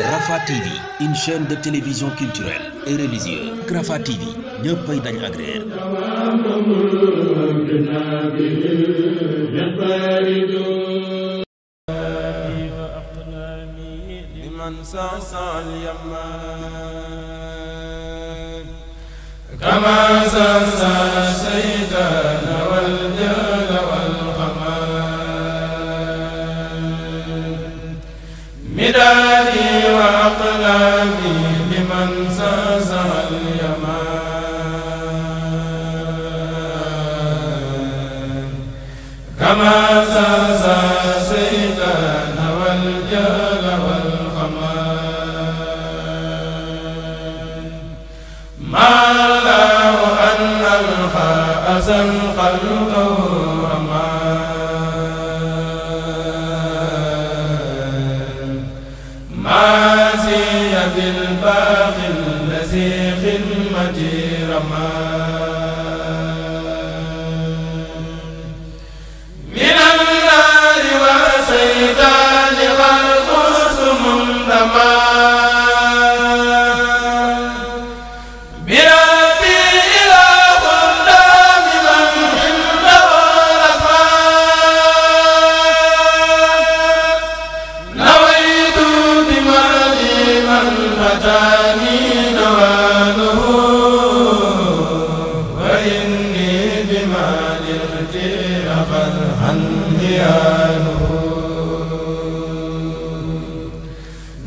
Rafah TV une chaîne de télévision culturelle et religieuse Rafah TV ñëppay dañ agréer liman sa'sal yamma kama sa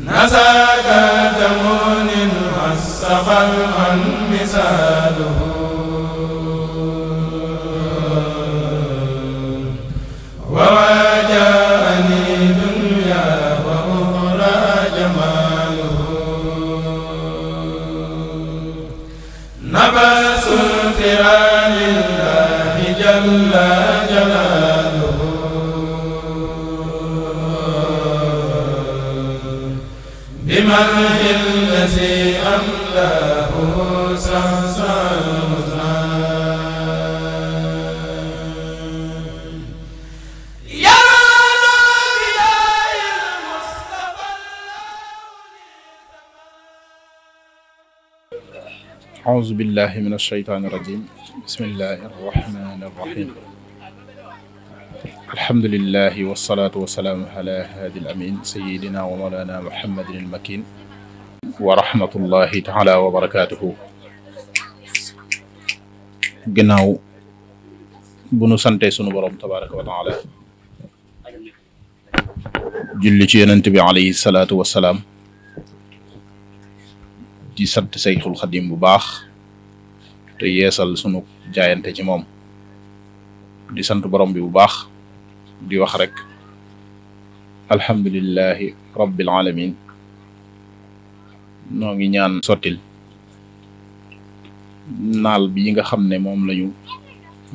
nasaka damonin asafal an misaalu billahi min alsheytaani irrajim bismillahi arrahmani irrahim alhamdulilahi walsalaatu wassalaamu ala haadi al amin sayidina wa mawlana muhammadin almakin wa rahmatullahi taala wa barakatuhu ginnaaw bu nu sante sunu borom tabaraka wa taala julli ci yonent bi alayhi salaatu wassalaam di sant sayxul xadim bu baax te yeesal sunu jaayante ci moom di sant borom bi bu baax di wax rek alhamdulilahi rabbil alamin noo ngi ñaan sottil naal bi nga xam ne moom lañu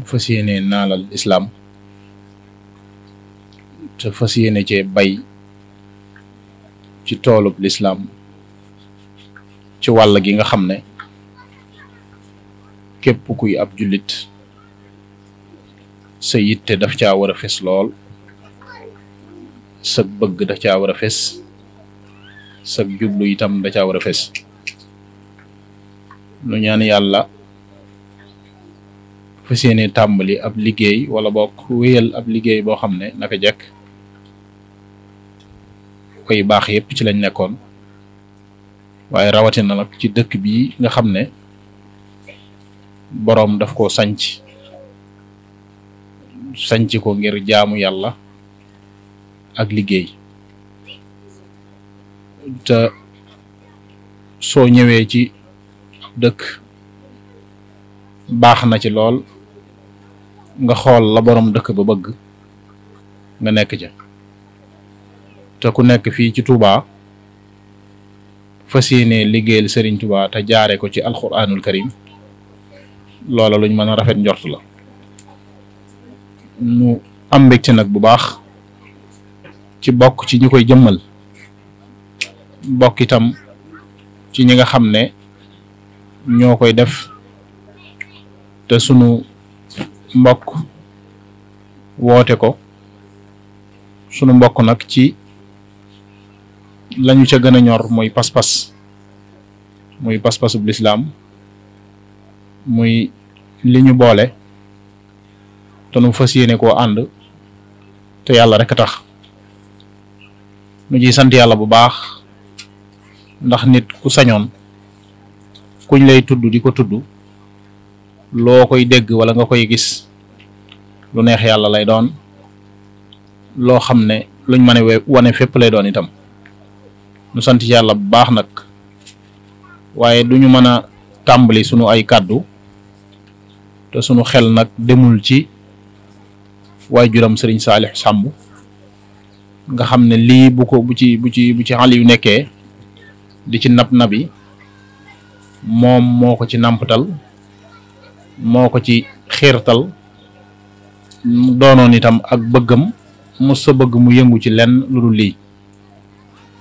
fas yéene naalal islaam te fas yéene ci bay ci toolub lislam ci wàll gi nga xam ne képp kuy ab jullit sa yitte daf caa war fes lool sa bëgg daf caa war a fes sa jublu itam da caa war a fes nu ñaan yàlla fas yéene tàmbali ab liggéey wala bokk wéyal ab liggéey boo xam ne naka jekk koy baax yépp ci lañ nekkoon waaye rawatina nag ci dëkk bii nga xam ne boroom daf koo sanc sañc ko ngir jaamu yàlla ak liggéey te soo ñëwee ci dëkk baax na ci lool nga xool la borom dëkk ba bëgg nga nekk ca te ku nekk fii ci tubaa fas yéene liggéeyal Serigne Touba te jaare ko ci alquranul karim loola luñ mën a rafet njort la ñu am mbégte nag bu baax ci bokk ci ñi koy jëmmal bokk itam ci ñi nga xam ne ñoo koy def te sunu mbokk woote ko sunu mbokk nag ci lañu ca gën a ñor mooy pas-pas muy pas-pasub lislaam muy li ñu boole te nu fas yéene koo ànd te yàlla rek tax nu ji sant yàlla bu baax ndax nit ku sañoon kuñ lay tudd di ko tudd loo koy dégg wala nga koy gis lu neex yàlla lay doon loo xam ne luñ mën a wane fépp lay doon itam nu sant yàlla bu baax nag waaye duñu mën a tàmbali sunu ay kàddu te sunu xel nag demul ci juram sëriñ Saalix Sàmb nga xam ne lii bu ko bu ci bu ci bu ci xal yu nekkee di ci nab nabi moom moo ko ci nàmpatal moo ko ci xiirtal doonoon itam ak bëggam mu sa bëgg mu yëngu ci lenn lu dul lii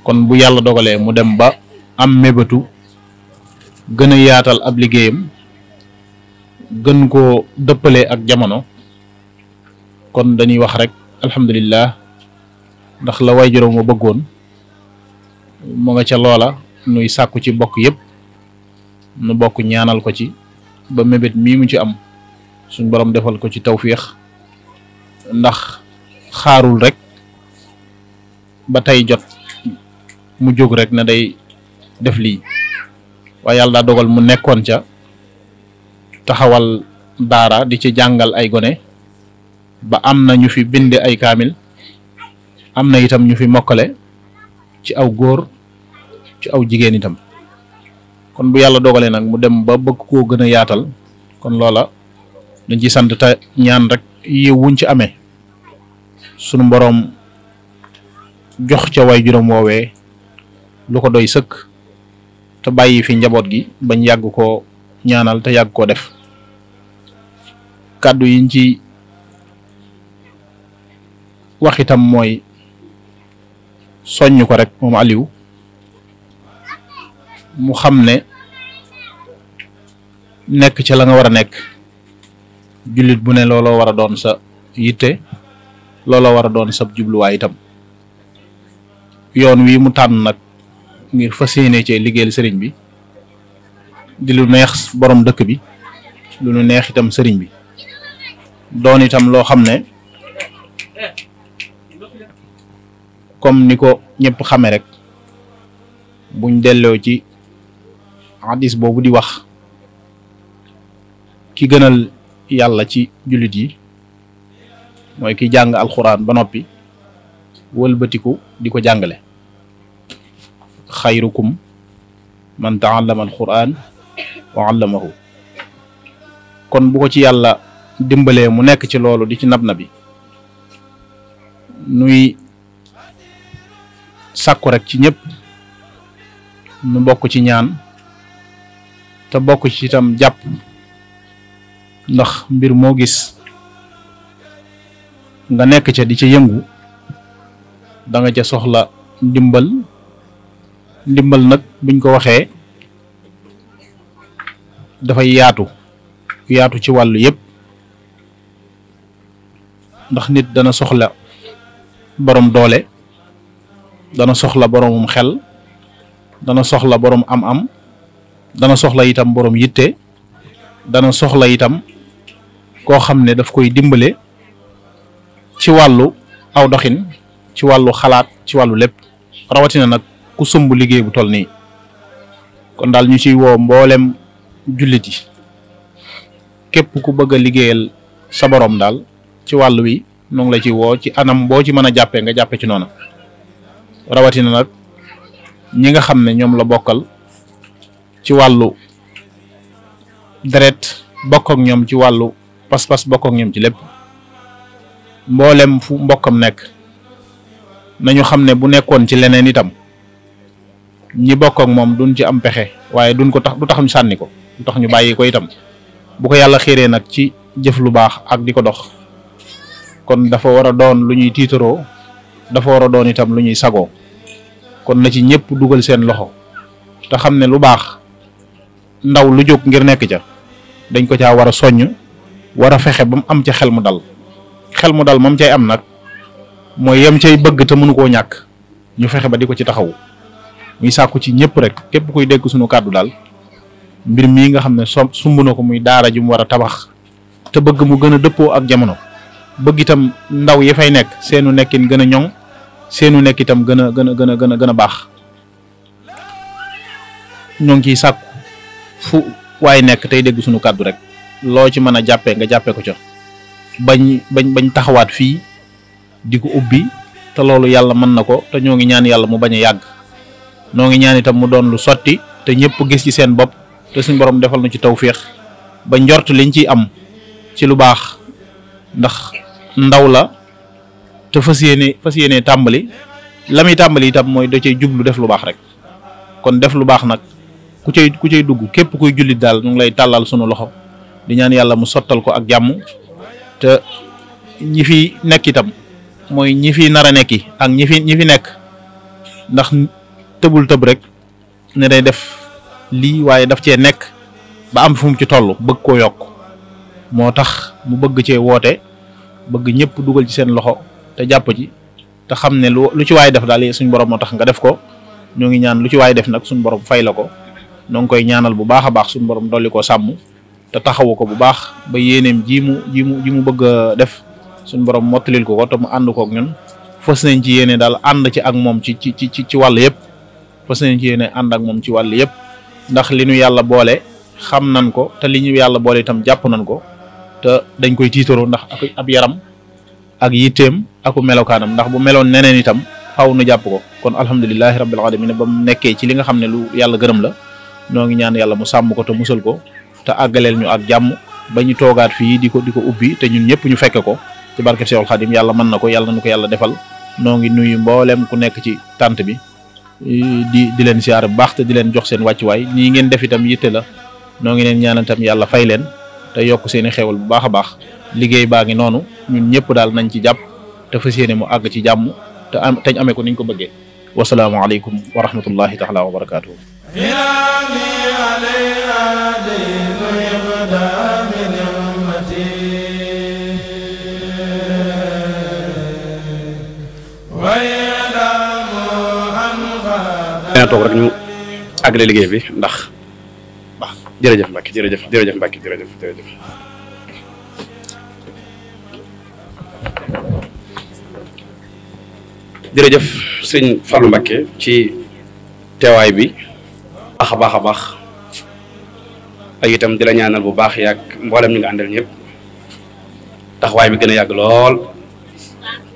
kon bu yàlla dogalee mu dem ba am mébétu gën a yaatal ab liggéeyam gën ko dëppale ak jamono kon dañuy wax rek alhamdulilah ndax la way juróom ma bëggoon mu nga ca loola nuy sàkku ci bokk yépp nu bokk ñaanal ko ci ba mébét mii mu ci am suñ borom defal ko ci tawféex ndax xaarul rek ba tey jot mu jóg rek ne day def lii waaye yàlla daa dogal mu nekkoon ca taxawal daara di ci jàngal ay gone ba am na ñu fi bind ay kaamil am na itam ñu fi mokkale ci aw góor ci aw jigéen itam kon bu yàlla dogalee nag mu dem ba bëgg koo gën a yaatal kon loola dañ ci sant te ñaan rek yiw wuñ ci amee sunu mboroom jox ca way juróom woowee lu ko doy sëkk te bàyyi fi njaboot gi bañ yàgg ko ñaanal te yàgg koo def kàddu yiñ ci wax itam mooy soññ ko rek moom Aliou mu xam ne nekk ci la nga war a nekk jullit bu ne looloo war a doon sa yitte looloo war a doon sa jubluwaay itam yoon wi mu tànn nag ngir fas yéene ce liggéeyal sëriñ bi di lu neex borom dëkk bi lu neex itam sëriñ bi doon itam loo xam ne comme ni ko ñëpp xame rek buñ delloo ci hadis boobu di wax ki gënal yàlla ci jullit yi mooy ki jàng alxuraan ba noppi wëlbatiku di ko jàngale xayrukum man taallama alxuraan wa allamahu kon bu ko ci yàlla dimbalee mu nekk ci loolu di ci nab na bi nuy sàkku rekk ci ñépp nu bokk ci ñaan te bokk ci itam jàpp ndax mbir moo gis nga nekk ca di ca yëngu danga ca soxla ndimbal ndimbal nag buñ ko waxee dafay yaatu yaatu ci wàllu yëpp ndax nit dana soxla boroom doole dana soxla boromum xel dana soxla borom am-am dana soxla itam boroom yitte dana soxla itam koo xam ne daf koy dimbale ci wàllu aw doxin ci wàllu xalaat ci wàllu lépp rawatina nag ku sumb liggéey bu toll nii kon daal ñu ciy woo mboolem jullit yi képp ku bëgg a liggéeyal sa borom daal ci wàll wi nu la ci woo ci anam boo ci mën a jàppe nga jàppe ci noonu rawatina nag ñi nga xam ne ñoom la bokkal ci wàllu deret bokk ñoom ci wàllu pas-pas bokk ak ñoom ci lépp mboolem fu mbokkam nekk nañu xam ne bu nekkoon ci leneen itam ñi bokk moom duñ ci am pexe waaye duñ ko tax du tax ñu sànni ko du tax ñu bàyyi ko itam bu ko yàlla xiiree nag ci jëf lu baax ak di ko dox kon dafa war a doon lu ñuy tiitaroo dafa war a doon itam lu ñuy sagoo kon na ci ñëpp dugal seen loxo te xam ne lu baax ndaw lu jóg ngir nekk ca dañ ko caa war a soññ war a fexe ba mu am ca xel mu dal xel mu dal moom cay am nag mooy yem cay bëgg te mënu koo ñàkk ñu fexe ba di ko ci taxawu muy sàkku ci ñëpp rek képp kuy dégg sunu kàddu daal mbir mi nga xam ne so sumb na ko muy daara ju mu war a tabax te bëgg mu gën a dëppoo ak jamono bëgg itam ndaw yi fay nekk seenu nekkin gën a ñoŋ seenu nekk itam gën a gën a gën a gën a gën a baax ñoo ngi ciy sàkku fu waaye nekk tey dégg sunu kàddu rek loo ci mën a jàppee nga jàppee ko ca bañ bañ taxawaat fii di ko ubbi te loolu yàlla mën na ko te ñoo ngi ñaan yàlla mu bañ a yàgg noo ngi ñaan itam mu doon lu sotti te ñëpp gis ci seen bopp te suñ borom defal na ci tawféex ba njort liñ ciy am ci lu baax ndax ndaw la te fas yéene fas yéene tàmbali la muy tàmbali itam mooy da cee jublu def lu baax rek kon def lu baax nag ku cay ku cay dugg képp kuy jullit daal nu ngi lay tàllal sunu loxo di ñaan yàlla mu sottal ko ak jàmm te ñi fi nekk itam mooy ñi fi nar a nekki ak ñi fi ñi fi nekk ndax tëbul tëb rek ne day def lii waaye daf cee nekk ba am fum ci toll bëgg koo yokk moo tax mu bëgg cee woote bëgg ñëpp dugal ci seen loxo te jàpp ci te xam ne lu lu ci waay def daal suñ borom moo tax nga def ko ñoo ngi ñaan lu ci waay def nag suñ borom fay la ko ñoo ngi koy ñaanal bu baax a baax suñ borom dolli koo sàmm te taxawu ko bu baax ba yéeneem ji mu ji mu ji bëgg def suñ borom mottalil ko ko te mu ànd kook ñun fas nañ ci yéene daal ànd ci ak moom ci ci ci ci wàll yëpp fas nañ ànd ak moom ci wàll yëpp ndax li ñu yàlla boole xam nañ ko te li ñu yàlla boole itam jàpp nañ ko te dañ koy tiitaroo ndax ak ab yaram ak yitteem aku melokaanam ndax bu meloon neneen itam xaw nu jàpp ko kon alhamdulilahi rabbil alamin ba mu nekkee ci li nga xam ne lu yàlla gërëm la noo ngi ñaan yàlla mu sàmm ko te musal ko te àggaleel ñu ak jàmm ba ñu toogaat fii di ko di ko ubbi te ñun ñëpp ñu fekk ko ci barkeb Seexul Xadim yàlla mën na ko yàlla nu ko yàlla defal noo ngi nuyu mbooleem ku nekk ci tànt bi di di leen siyaare bu baax te di leen jox seen wàccuwaay nii ngeen def itam yitte la noo ngi leen ñaanal itam yàlla fay leen te yokk seen i xewal bu baax a baax liggéey baa ngi noonu ñun ñëpp daal nañ ci jàpp te fas yéene mu àgg ci jàmm te am teñ amee ko niñ ko bëggee wasalaamaaleykum wa rahmatullahi taala wa barakaatuhu toog rek ñu àggale liggéey bi ndax jërëjëf Mbacke jërëjëf jërëjëf Mbacke jërëjëf jërëjëf. jërëjëf sëñ Fallou mbake ci teewaay bi baax a baax a baax ak itam la ñaanal bu baax yaag mboolem ñi nga àndal ñëpp taxawaay bi gën a yàgg lool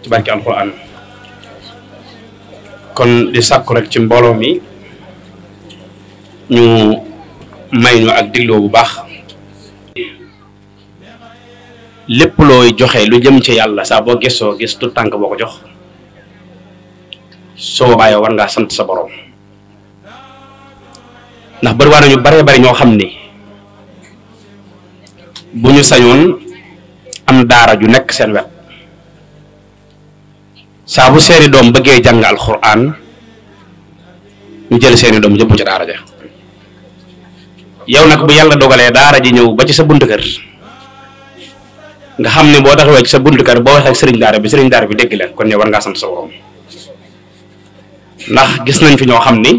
ci barke alquran kon di sàkku rek ci mbooloo mi ñu. may ñu ak dégloo bu baax lépp looy joxe lu jëm ci yàlla saa boo gëstoo gis tu tànk boo ko jox soo boobaa yow war ngaa sant sa borom ndax bari waa nañu baree bari ñoo xam ni bu ñu sañoon am daara ju nekk seen wet saa bu seeni doom bëggee jàng alxuraan ñu jël seeni doom yëpp ci daara ja yow nag bu yàlla dogalee daara ji ñëw ba ci sa bunt kër nga xam ne boo taxawee ci sa buntu kër boo waxee ak sëriñ daara bi sëriñ daara bi dégg leen kon yow war ngaa sant sa borom ndax gis nañ fi ñoo xam ni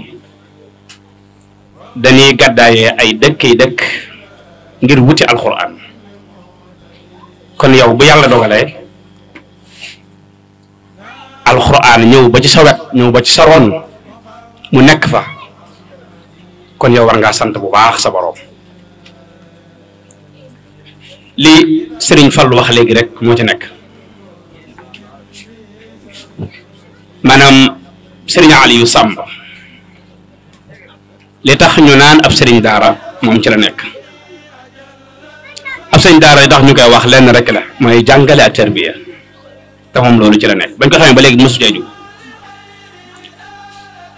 dañuy gàddaayee ay dëkk yi dëkk ngir wuti alxuraan kon yow bu yàlla dogalee alxuraan ñëw ba ci sa wet ñëw ba ci sa ron mu nekk fa. kon yow war ngaa sant bu baax sa borom li Serigne Fallou wax léegi rek moo ci nekk maanaam Serigne Aliou Samb li tax ñu naan ab Serigne Daara moom ci la nekk ab Serigne Daara li tax ñu koy wax lenn rek la mooy jàngale ak tarbiya te moom loolu ci la nekk bañ ko xamee ba léegi mosu cee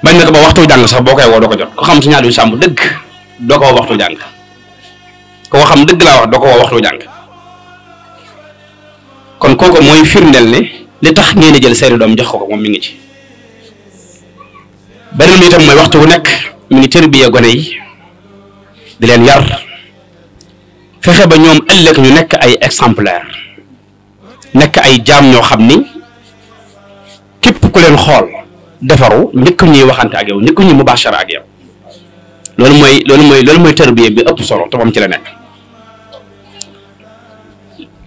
bañ na ko ba waxtu jàng sax boo koy woo doo ko ko xam si ñaari sàmm dëgg doo ko woo waxtu jàng xam dëgg laa wax doo ko woo waxtu jàng kon kooku mooy firndeel ne tax ngeen di jël seeni doom jox ko moom mi ngi ci. beneen bi itam mooy waxtu bu nekk mi ngi tërbiye gone yi di leen yar fexe ba ñoom ëllëg ñu nekk ay exemplaire nekk ay jaam ñoo xam ni képp ku leen xool. defaru njëkk ñuy waxante ak yow njëkk ñuy mubaashara ak yow loolu mooy loolu mooy loolu mooy tarbiya bi ëpp solo te moom ci la nekk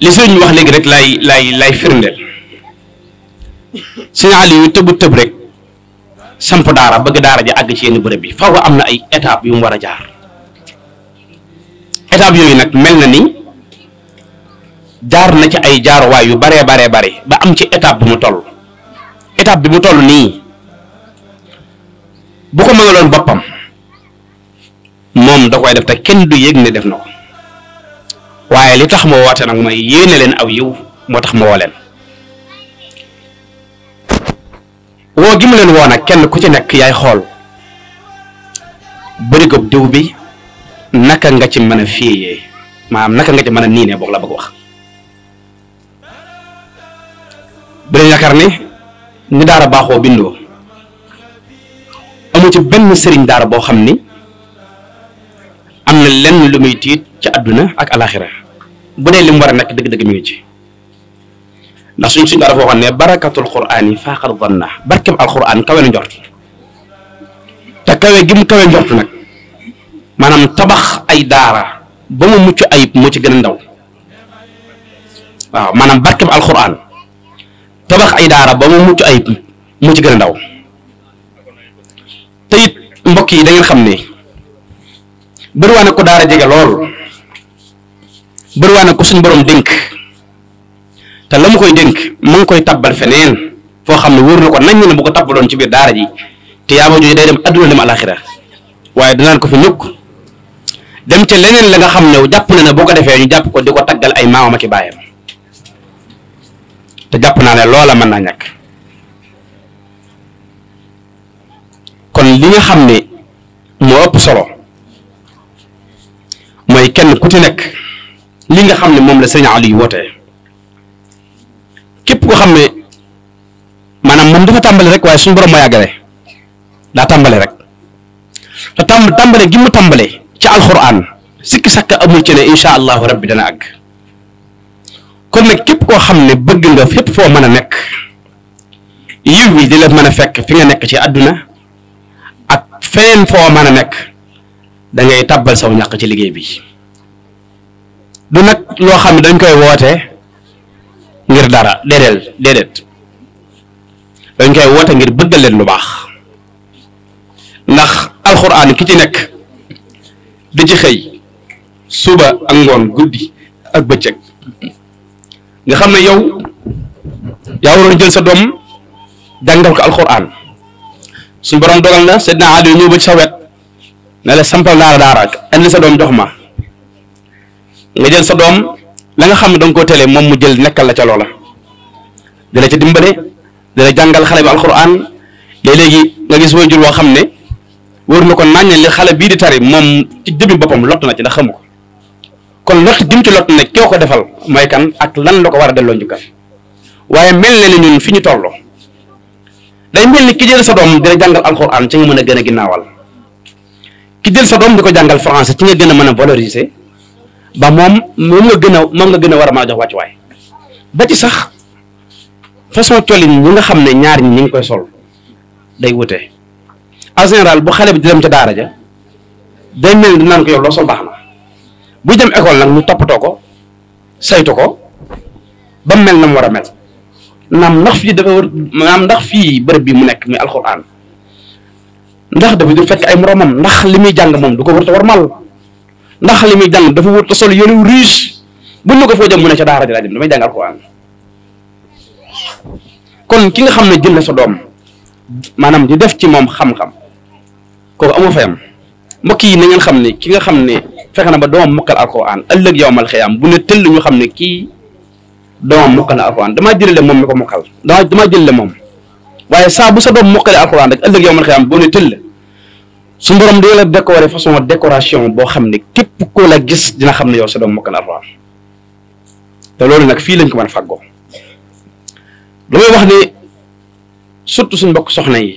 li sëñ wax léegi rek lay lay lay firndeel sëñ Aliou tëbu tëb rek samp daara bëgg daara ji àgg ci yenn bërëb bi faaw am na ay étapes yu mu war a jaar étapes yooyu nag mel na ni jaar na ci ay jaaruwaay yu baree baree bare ba am ci étape bu mu toll étape bi mu toll nii bu ko mënaloon boppam moom da koy def te kenn du yëg ne def na ko waaye li tax moo woote nag mooy yéene leen aw yiw moo tax ma woo woo gi mu woo nag kenn ku ci nekk yaay xool bërigëb diw bi naka nga ci mën a fiiyee maanaam naka nga ci mën a niinee boog la bëgg wax bu leen yaakaar ni ni daara baaxoo bindoo amu ci benn sëriñ daara boo xam ni am na lenn lu muy tiit ci àdduna ak alaxira bu dee li mu war a nekk dëgg-dëgg mi ngi ci ndax suñ suñ daara foo xam ne barakatul quraan yi faaxal zanna barkeb alquran kawe na njort te kawe gi mu kawe nag maanaam tabax ay daara ba mu mucc ayib moo ci gën a ndaw waaw maanaam barkeb alquran tabax ay daara ba mu mucc ayib moo ci gën a ndaw te it mbokk yi da ngeen xam ne bëriwaa na ko daara jege lool bëriwaa na ko suñ borom dénk te la mu koy dénk mu koy tabbal feneen foo xam ne wóor na ko nañ ne bu ko tabbaloon ci biir daara ji te yaa ma day dem adduna dem alaxira waaye danaan ko fi ñukk dem ca leneen la nga xam ne jàpp na ne boo ko defee ñu jàpp ko di ko taggal ay maamam ak i baayam te jàpp naa ne loola mën naa ñàkk. kon li nga xam ne moo ëpp solo mooy kenn ku ci nekk li nga xam ne moom la sëñ Aliou wootee képp koo xam ne maanaam moom dafa tàmbale rek waaye suñu borom moo yàggale daa tàmbale rek te tàmb tàmbale gi mu tàmbale ci alxuraan sikki sàkk amul ci ne incha allahu rabbi dana àgg kon nag képp koo xam ne bëgg nga fépp foo mën a nekk yiw wi di la mën a fekk fi nga nekk ci àdduna feneen foo mën a nekk da ngay tàbbal saw ñàq ci liggéey bi du nag loo xam ne dañ koy woote ngir dara déedéet déedéet dañ koy woote ngir bëggal leen lu baax ndax alxuraan ki ci nekk di ci xëy suba ak ngoon guddi ak bëccëg nga xam na yow yaa waroon jël sa doom jàngal ko alxuraan suñu borom dogal na seet naa aada ñëw ba ci sa wet ne la sampal daara daara indi sa doom jox ma nga jël sa doom la nga xam ne danga koo télé moom mu jël nekkal la ca loola dala ca dimbale dala jàngal xale bi alxuraan léeg-léegi nga gis waajur woo xam ne war na ko nañ li xale bii di tari moom ci jëmmi boppam lott na ci ndax xamu ko kon lott dim ci lott ne koo ko defal mooy kan ak lan la ko war a delloo njukkal waaye mel na ni ñun fi ñu tolloo day mel ni ki jël sa doom di la jàngal alxuraan ci nga mën a gën a ginnaawal ki jël sa doom di ko jàngal français ci nga gën a mën a valoriser ba moom moom nga gën a moom nga gën a war a mën a jox wàccuwaay ba ci sax façon colin ñi nga xam ne ñaar ñi ñu ngi koy sol day wute en général bu xale bi di dem ca daara ja day mel ni dinaan ko yow loo sol baax na bu jëm école nag ñu toppatoo ko saytu ko ba mel na mu war a mel. naam ndax fii dafa war ndax fii bërëb bi mu nekk muy alxuraan ndax dafa du fekk ay moroomam ndax li muy jàng moom du ko war a war mal ndax li muy jàng dafa war a sol yële wu riche buñ ne ko foo jëm ne ca daara ji laa jëm damay jàng alxuraan ki nga xam ne jël na sa doom maanaam di def ci moom xam-xam kooku amoo fayam mbokk yi na ngeen xam ne ki nga xam ne fexe na ba doomam mokkal alxuraan ëllëg yowmal xiyaam bu ne tëll ñu xam ne kii. doomam mokkal na alxuraan damaa jëlale moom mi ko mokkal damaa damaa jëlale moom waaye saa bu sa doom mokkale alxuraan rek ëllëg ma man xëyam boo ne tëll su borom dee la décorer façon décoration boo xam ne képp koo la gis dina xam ne yow sa doom mokkal alxuraan loolu nag fii lañ ko mën a fàggoo damay wax ne surtout suñ mbokk soxna yi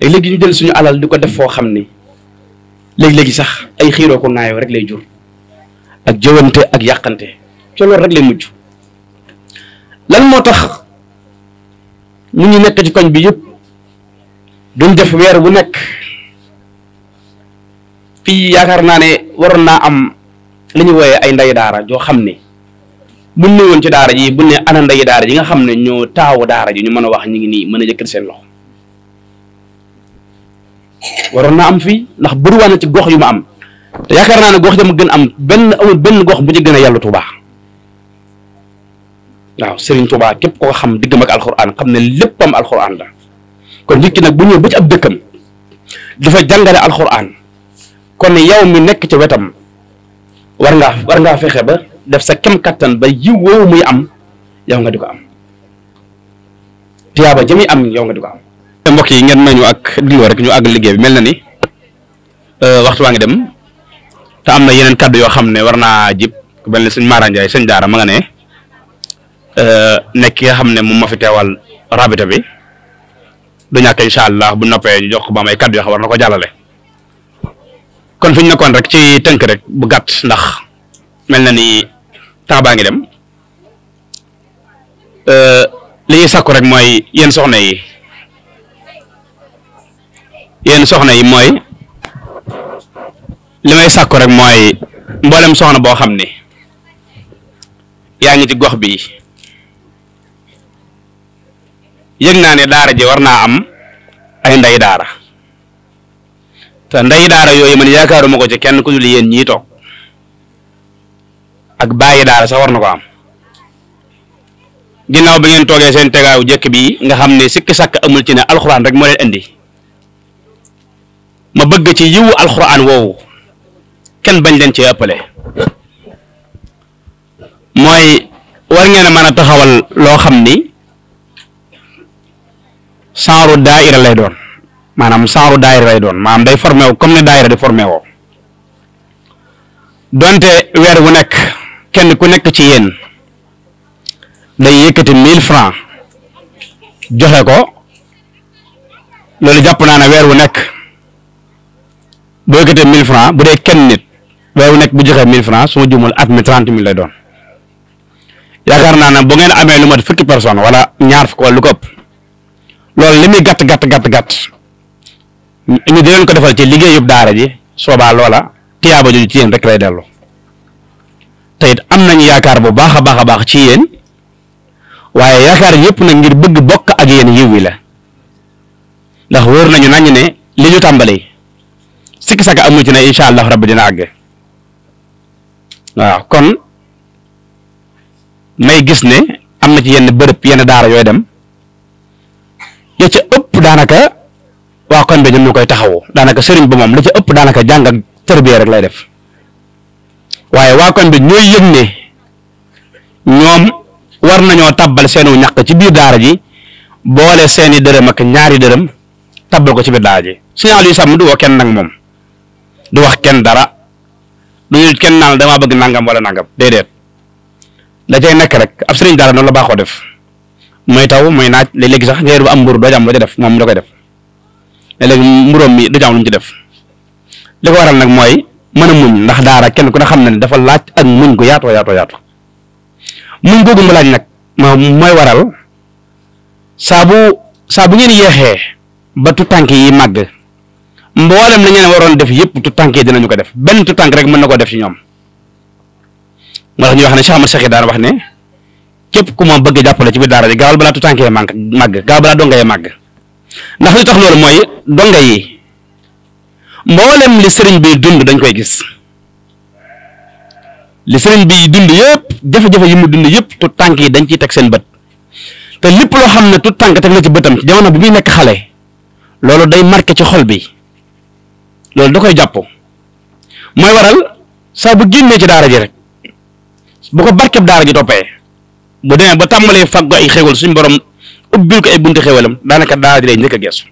léegi-léegi ñu jël suñu alal di ko def foo xam ni léegi-léegi sax ay xiiroo ko naayoo rek lay jur ak jëwante ak yàqante ci loolu rek lay mujj lan moo tax mu ñu nekk ci koñ bi yëpp duñ def weer bu nekk fii yaakaar naa ne waroon naa am li ñu wooyee ay nday daara joo xam ne buñ ne woon ci daara ji buñ ne ana nday daara ji nga xam ne ñoo taawu daara ji ñu mën a wax ñu ngi nii mën a yëkkati seen loxo waroon naa am fii ndax bëriwaan na ci gox yu ma am te yaakaar naa ne gox dama gën am benn amul benn gox bu ci gën a yàllu Tuubaa waaw Serigne Touba képp koo xam digg diggam ak alxuraan xam ne léppam alxuraan la kon nit ki nag bu ñëw ba ci ab dëkkam dafa jàngale alxuraan kon yow mi nekk ca wetam war ngaa war ngaa fexe ba def sa kem kattan ba yiw woowu muy am yow nga di ko am tiyaaba jëmi am yow nga di ko am. Eh, mbokk yi ngeen nañu ak diwa rek ñu àgg liggéey mel na ni eh, waxtu waa ngi dem te am na yeneen kàddu yoo xam ne war naa jib ku mel ne sëñ Mara Ndiaye sëñ Daara ma nga ne. nekk ki nga xam ne moom ma fi teewal rabita bi du ñàkk incha allah bu noppee ñu jox ko ba am ay yoo xam war na ko jàllale. kon fi nekkoon rek ci tënk rek bu gàtt ndax mel na ni temps baa ngi dem euh, li ñuy sakku rek mooy yéen soxna yi yenn soxna yi mooy li may sàkku rek mooy mboolem soxna boo xam ni yaa ngi ci gox bi. yëg naa ne daara ji war naa am ay ndey daara te ndey daara yooyu man ma ko ci kenn ku dul yéen ñii toog ak bàyyi daara sax war na ko am ginnaaw bi ngeen toogee seen tegaayu jëkk bi nga xam ne sikki sàkk amul ci ne alxuraan rek moo leen indi ma bëgg ci yiwu alxuraan woowu kenn bañ leen ci ëppale mooy war ngeen a mën a taxawal loo xam ni saaru daaira lay doon maanaam saaru daaira lay doon maanaam day formé wu comme ne daaira di formé donte weer wu nekk kenn ku nekk ci yéen day yëkkati mille francs joxe ko loolu jàpp naa ne weer wu nekk boo yëkkatee mille francs bu dee kenn nit weer wu nekk bu joxee mille francs su ma jumul at mi trente mille lay doon yaakaar naa ne bu ngeen amee lu mat fukki personne wala ñaar fukk wala lu ko lool li muy gàtt gàtt gàtt gàtt ñu di leen ko defal ci liggéeyub daara ji soobaa loola tiyaaba jooju ci yéen rek lay dellu te it am nañu yaakaar bu baax a baax a baax ci yéen waaye yaakaar yëpp nag ngir bëgg bokk ak yéen yiw wi la ndax wóor nañu nañu ne li ñu tàmbali sikki saka amu ci ne incha allah rabbi dina àgg waaw kon may gis ne am na ci yenn bërëb yenn daara yooy dem. ya ëpp daanaka waa koñ bi ñoom koy taxawu daanaka sëriñ ba moom la ca ëpp daanaka jàng ak rek lay def waaye waa koñ bi ñooy yëg ne ñoom war nañoo tabbal wu ñaq ci biir daara ji boole seeni dërëm ak ñaari dërëm tabbal ko ci biir daara ji signal yu sàmm du woo kenn nag moom du wax kenn dara du ñu kenn naan damaa bëgg nangam walla nangam déedéet la cay nekk rek ab sëriñ daara noon la baaxoo def. mooy taw mooy naaj léeg-léegi sax weer bu am mburu doo ci am moom da koy def léeg mi du lu mu ci def li ko waral nag mooy mën a muñ ndax daara kenn ku ne xam na ni dafa laaj ak muñ ko yaatoo yaatoo yaatu muñ googu mu nag mooy waral saa bu saa bu ngeen yeexee ba tu tànk yi màgg mboolem la ngeen waroon def yëpp tu tànk yi ko def benn tu tànk rek mën na koo def ci ñoom moo tax ñuy wax ne Cheikh Ahmad Cheikh daan wax ne képp ku ma jàppale ci biir daara ji gaawal balaa tu tànkee màgg màgg gaawal balaa donga yee màgg ndax li tax loolu mooy donga yi mboolem li sëriñ bi dund dañ koy gis li sëriñ bi dund yëpp jafe-jafe yi mu dund yëpp tu tànk yi dañ ciy teg seen bët te lépp loo xam ne tu tànk teg na ci bëtam ci jamono bi muy nekk xale loolu day marqué ci xol bi loolu da koy jàpp mooy waral saa bu génnee ci daara ji rek bu ko barkeb daara ji toppee. bu dee ba tàmbalee faggu ay xewal suñ borom ubbil ko ay bunti xewalam daanaka daara ji lay njëkk a geesu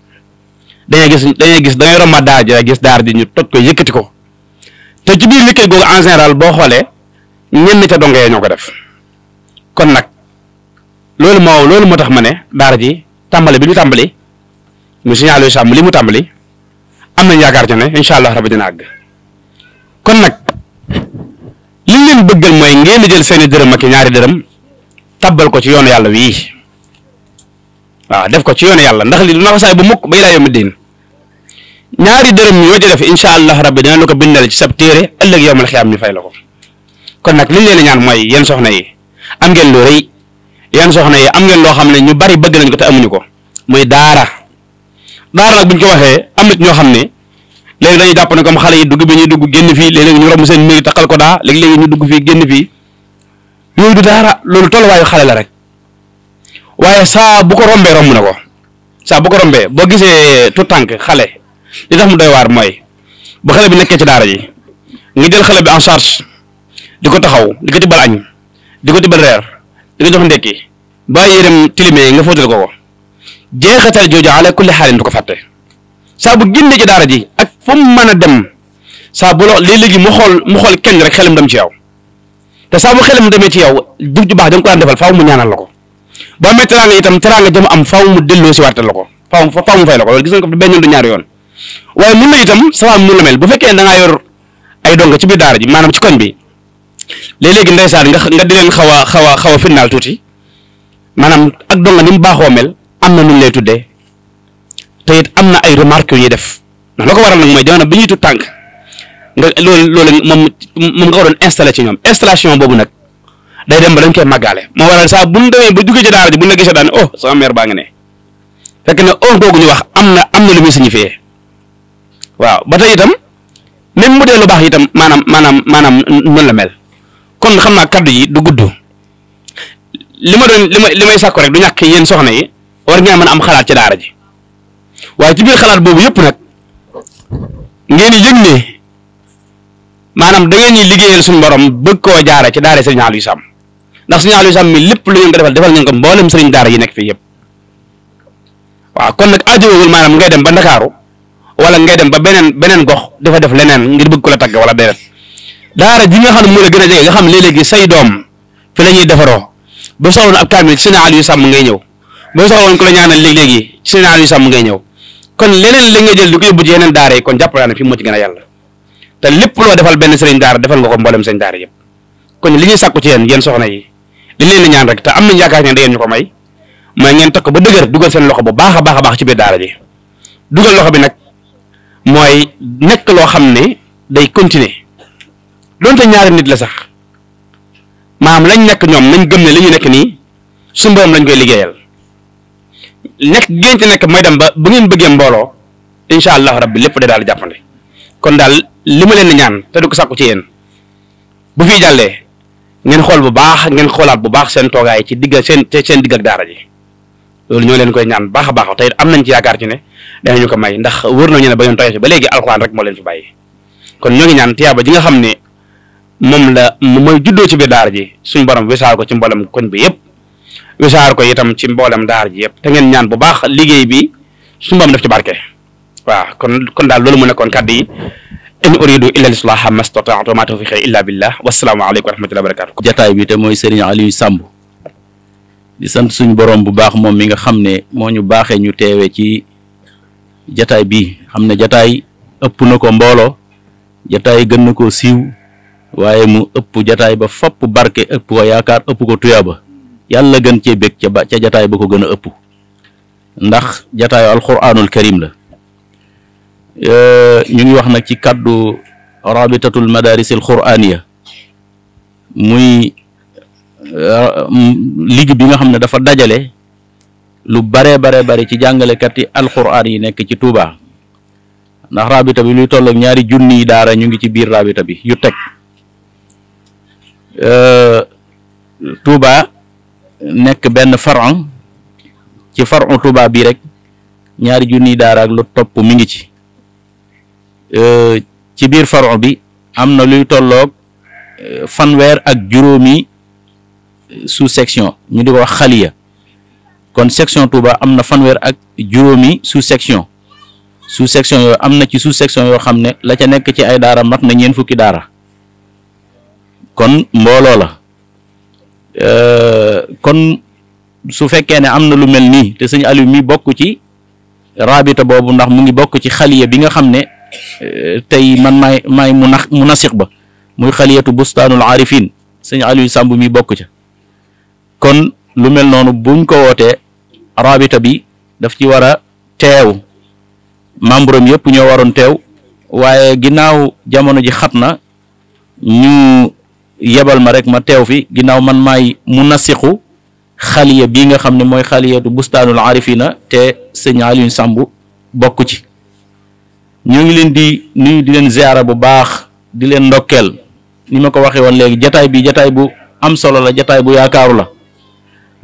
dañuy gis dañuy gis dangay romb daara ji gis daara ji ñu toj ko yëkkati ko te ci biir liggéey googu en général boo xoolee ñenn ca dongo ñoo ko def kon nag loolu moo loolu moo tax ma ne daara ji tàmbale bi ñu tàmbali mu signalé sàmm li mu tàmbali am nañ yaakaar ne incha allah rabi dina àgg kon nag li leen bëggal mooy ngeen di jël seeni dërëm ak ñaari dërëm. tabbal ko ci yoonu yàlla wii waaw def ko ci yoonu yàlla ndax li du naxasaay bu mukk ba ilaa yawmi diin ñaari dërëm ñoo ci def incha allah rabbi dina la ko bindal ci sab téere ëllëg yawmal am ñu fay la ko kon nag liñ leen ñaan mooy yéen soxna yi am ngeen lu rëy soxna yi am ngeen loo xam ne ñu bari bëgg nañ ko te amuñu ko muy daara daara nag buñ ko waxee am nit ñoo xam ne léegi dañuy jàpp ne comme xale yi dugg bi ñuy dugg génn fii léeg-léeg ñu romb seen mbir ko daa léegi-léegi ñu dugg fii génn fii yooyu du dara loolu tolluwaayu xale la rek waaye saa bu ko rombee romb na ko saa bu ko rombee boo gisee tout tànk xale li tax mu doy waar mooy bu xale bi nekkee ci daara ji nga jël xale bi en charge di ko taxaw di ko tibbal añ di ko tibbal reer di ko jox ndekki bàyyi yërëm tilimee nga fóotal ko ko jeexatal jooju ala kulli xaalin du ko fàtte saa bu génne ci daara ji ak fu mu mën a dem saa bu loo léeg-léegi mu xool mu xool kenn rek xelam dam ci yow. te saa bu xelam demee ci yow jëf ju baax da nga ko daan defal faaw mu ñaanal la ko boo amee teraanga itam teraanga jëm am faaw mu delloo si waatal la ko faaw mu fay la loolu gis nga ko benn du ñaari yoon waaye mun na itam sawaam mun la bu fekkee da ngaa yor ay dong ci biir maanaam ci koñ bi léeg-léegi ndeysaan nga nga di leen xaw a xaw a xaw a finnaal tuuti maanaam ak donga ni mu baaxoo mel am na nu lay tuddee te it am na ay remarque yu ñuy def ndax la ko waral nag mooy jamono bi ñuy tudd tànk nga loolu loolu moom moom nga ko doon ci ñoom installation boobu nag day dem ba dañ koy màggaale moo waral saa bu ñu demee ba duggee ci daara ji bu ñu la gisee daan oh sama ne fekk ne oh ñu wax am na am na lu muy signifié waaw ba tey itam même mu dee lu baax itam maanaam maanaam maanaam noonu kon xam naa kaddu yi du gudd li ma doon li ma li may sàkku rek du ñàkk yéen soxna yi war ngeen mën am xalaat ci daara ji waaye ci biir xalaat boobu yëpp nag ngeen yëg ne maanaam da ngeen ñuy liggéeyal suñu borom bëgg koo jaare ci daara sëriñ Aliou Sam ndax sëriñ Aliou Sam mi lépp lu ngeen ko defal defal ngeen ko mboolem sëriñ daara yi nekk fii yëpp waaw kon nag ajowul maanaam ngay dem ba ndakaaru wala ngay dem ba beneen beneen gox dafa def leneen ngir bëgg ko la tagg wala déedéet daara ji nga xam ne moo la gën a jege nga xam léeg-léegi say doom fi ñuy defaroo ba soxla woon ab kaamil ci sëriñ Sam ngay ñëw ba soxla woon ko la léegi ci sëriñ Aliou Sam ngay ñëw kon leneen la nga jël di ko yóbbu ci yeneen daara yi kon jàpp naa gën a yàlla te lépp loo defal benn sëriñ daara defal nga ko mboolem sëriñ daar yëpp kon li ñuy sàkku ci yéen yéen soxna yi li leen di ñaan rek te am nañ yaakaar ne da ngeen ñu ko may mooy ngeen takk ba dëgër dugal seen loxo baax a baax a baax ci loxo bi nag mooy nekk loo xam ne day continuer doonte ñaari nit la sax maam lañ nekk ñoom lañ gëm ne li ñu nekk nii suñu borom lañ koy liggéeyal nekk génte nekk mooy dem ba bu ngeen bëggee mbooloo incha allah rabbi lépp da daal jàppande kon daal li ma leen di ñaan te du ko sàkku ci yéen bu fi jàllee ngeen xool bu baax ngeen xoolaat bu baax seen toogaay ci digg seen seen digg ak daara ji loolu ñoo leen koy ñaan baax a baax tey am nañ ci yaakaar ci ne danañu ko may ndax wër nañu ne ba ngeen tooyee ba léegi alxuraan rek moo leen fi bàyyi kon ñoo ngi ñaan tiyaaba ji nga xam ne moom la mooy juddoo ci biir daara ji suñ borom wisaar ko ci mboolem koñ bi yëpp wisaar ko itam ci mboolem daara ji yëpp te ngeen ñaan bu baax liggéey bi suñu borom def ci barke. waaw kon kon daal loolu mu nekkoon kàddu yi in uridu illa lislaha mastata'tu ma tawfiqi illa billah wasalaamu aleykum wa rahmatullahi wa barakatu jataay bi te mooy sëriñ Aliou Samb di sant suñu borom bu baax moom mi nga xam ne moo ñu baaxee ñu teewee ci jataay bii xam ne jataay ëpp na ko mbooloo jataay gën na ko siiw waaye mu ëpp jataay ba fopp barke ëpp ko yaakaar ëpp ko tuyaaba yàlla gën cee bég ca ba ca jataay ba ko gën a ëpp ndax jataayu alquranul karim la Euh, ñu ngi wax nag ci kàddu rabitatul madarisil qur'aniya muy euh, ligue bi nga xam ne dafa dajale lu bare bare bare ci jàngalekat yi alqur'an yi nekk ci Touba ndax rabita bi luy tolloog ñaari junniy daara ñu ngi ci biir rabita bi yu teg euh, Touba nekk benn faran ci faran Touba bi rek ñaari junniy daara ak lu topp mi ngi ci ci biir faron bi am na luy tolloog euh, fanweer ak juróomi euh, sous section ñu di ko xaliya kon section Touba am na fanweer ak juróomi sous section sous section yooyu am na ci sous section yoo xam ne la ca nekk ci ay daara mat na ñeent fukki daara kon mbooloo la euh, kon su fekkee ne am na lu mel nii te sëñ Aliou mi bokk ci raabita boobu ndax mu ngi bokk ci xaliya bi nga xam ne tey man maay maay mu nax mu ba muy xaliyatu bustaanul aarifin sëñ Aliou sambu mi bokk ca kon lu mel noonu buñ ko wootee rabita bi daf ci war a teew membre am yëpp ñoo waroon teew waaye ginnaaw jamono ji xat na ñu yebal ma rek ma teew fi ginnaaw man maay mu nasiqu xaliya bii nga xam ne mooy xaliyatu bustaanul aarifina te sëñ Aliou Samb bokk ci ñoo ngi leen di ñu di leen ziara bu baax di leen ndokkeel ni ma ko waxee woon léegi jataay bi jataay bu am solo la jataay bu yaakaaru la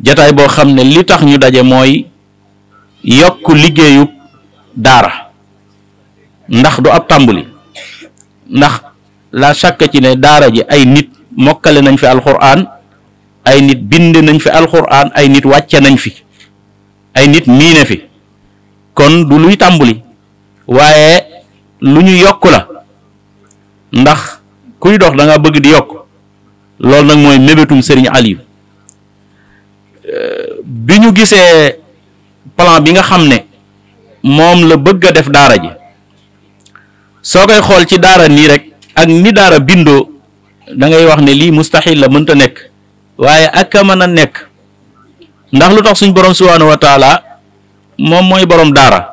jataay boo xam ne li tax ñu daje mooy yokk liggéeyu daara ndax du ab tàmbuli ndax la sàkk ci ne daara ji ay nit mokkale nañ fi alxuraan ay nit bind nañ fi alxuraan ay nit wàcce nañ fi ay nit miine fi kon du luy tàmbuli waaye lu ñu yokk la ndax kuy dox danga bëgg di yokk loolu nag mooy mébétum Serigne Aliou euh, bi ñu gisee plan bi nga xam ne moom la bëgg a def daara ji soo koy xool ci daara nii rek ak ni daara bindoo dangay wax ne lii mustaxil la mënta nekk waaye ak a mën a nekk ndax lu tax suñ borom subhaanahu wa taala moom mooy borom daara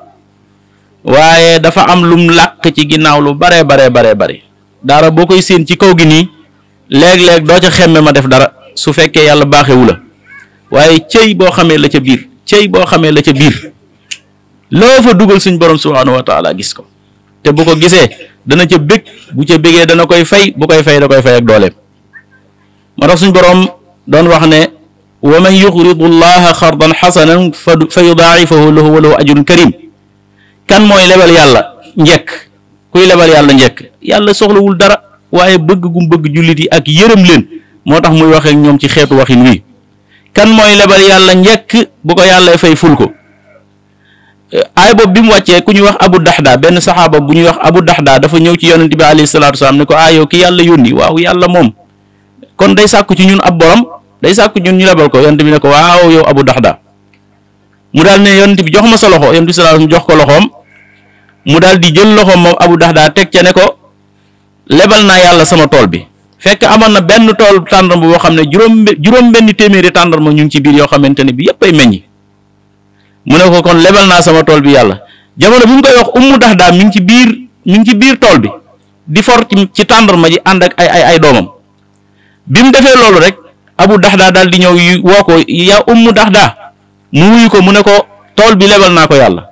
waaye dafa am lum làq ci ginnaaw lu baree baree baree bari daara boo koy séen ci kaw gi nii léeg-léeg doo ca xemme ma def dara su fekkee yàlla baaxewu la waaye cëy boo xamee la ca biir cëy boo xamee la ca biir loo fa dugal suñu borom subhaanahu wa gis ko te bu ko gisee dana ca bëgg bu ca bëggee dana koy fay bu koy fay da koy fay ak dooleem moo tax suñ boroom doon wax ne wa man yuqridu llaha xardan xasanan fa yudaa'ifahu lahu wa lahu ajrun karim kan mooy lebal yàlla njekk kuy lebal yàlla njekk yàlla soxlawul dara waaye bëgg gum bëgg jullit yi ak yërëm leen moo tax muy waxee ak ñoom ci xeetu waxin wi kan mooy lebal yàlla njekk bu ko yàlla fay ful ko eh, aay boobu bi mu wàccee ku ñu wax abu daxdaa benn saxaaba bu ñuy wax abu daxdaa dafa ñëw ci yonent bi alayhi salaatu wasalaam ne ko aayoo ki yàlla yónni waaw yàlla moom kon day sàkku ci ñun ab borom day sàkku ñun ñu lebal ko yonent bi ko waaw yow mu daal ne ko loxoom mu daal di jël loxoom moom abu dax daa teg ca ne ko lebal naa yàlla sama tool bi fekk amoon na benn tool tàndarma boo xam ne juróom juróom benn téeméeri tàndarma ñu ngi ci biir yoo xamante ne bi yépp ay mu ne ko kon lebal naa sama tool bi yàlla jamono bi mu koy wax ummu dahdaa mi ngi ci biir mi ngi ci biir tool bi di for ci tàndarma ji ànd ay ay doomam bi mu defee loolu rek abu dahdaa daal di ñëw woo ko yaa ummu dahdaa mu wuyu ko mu ne ko tool bi lebal naa ko yàlla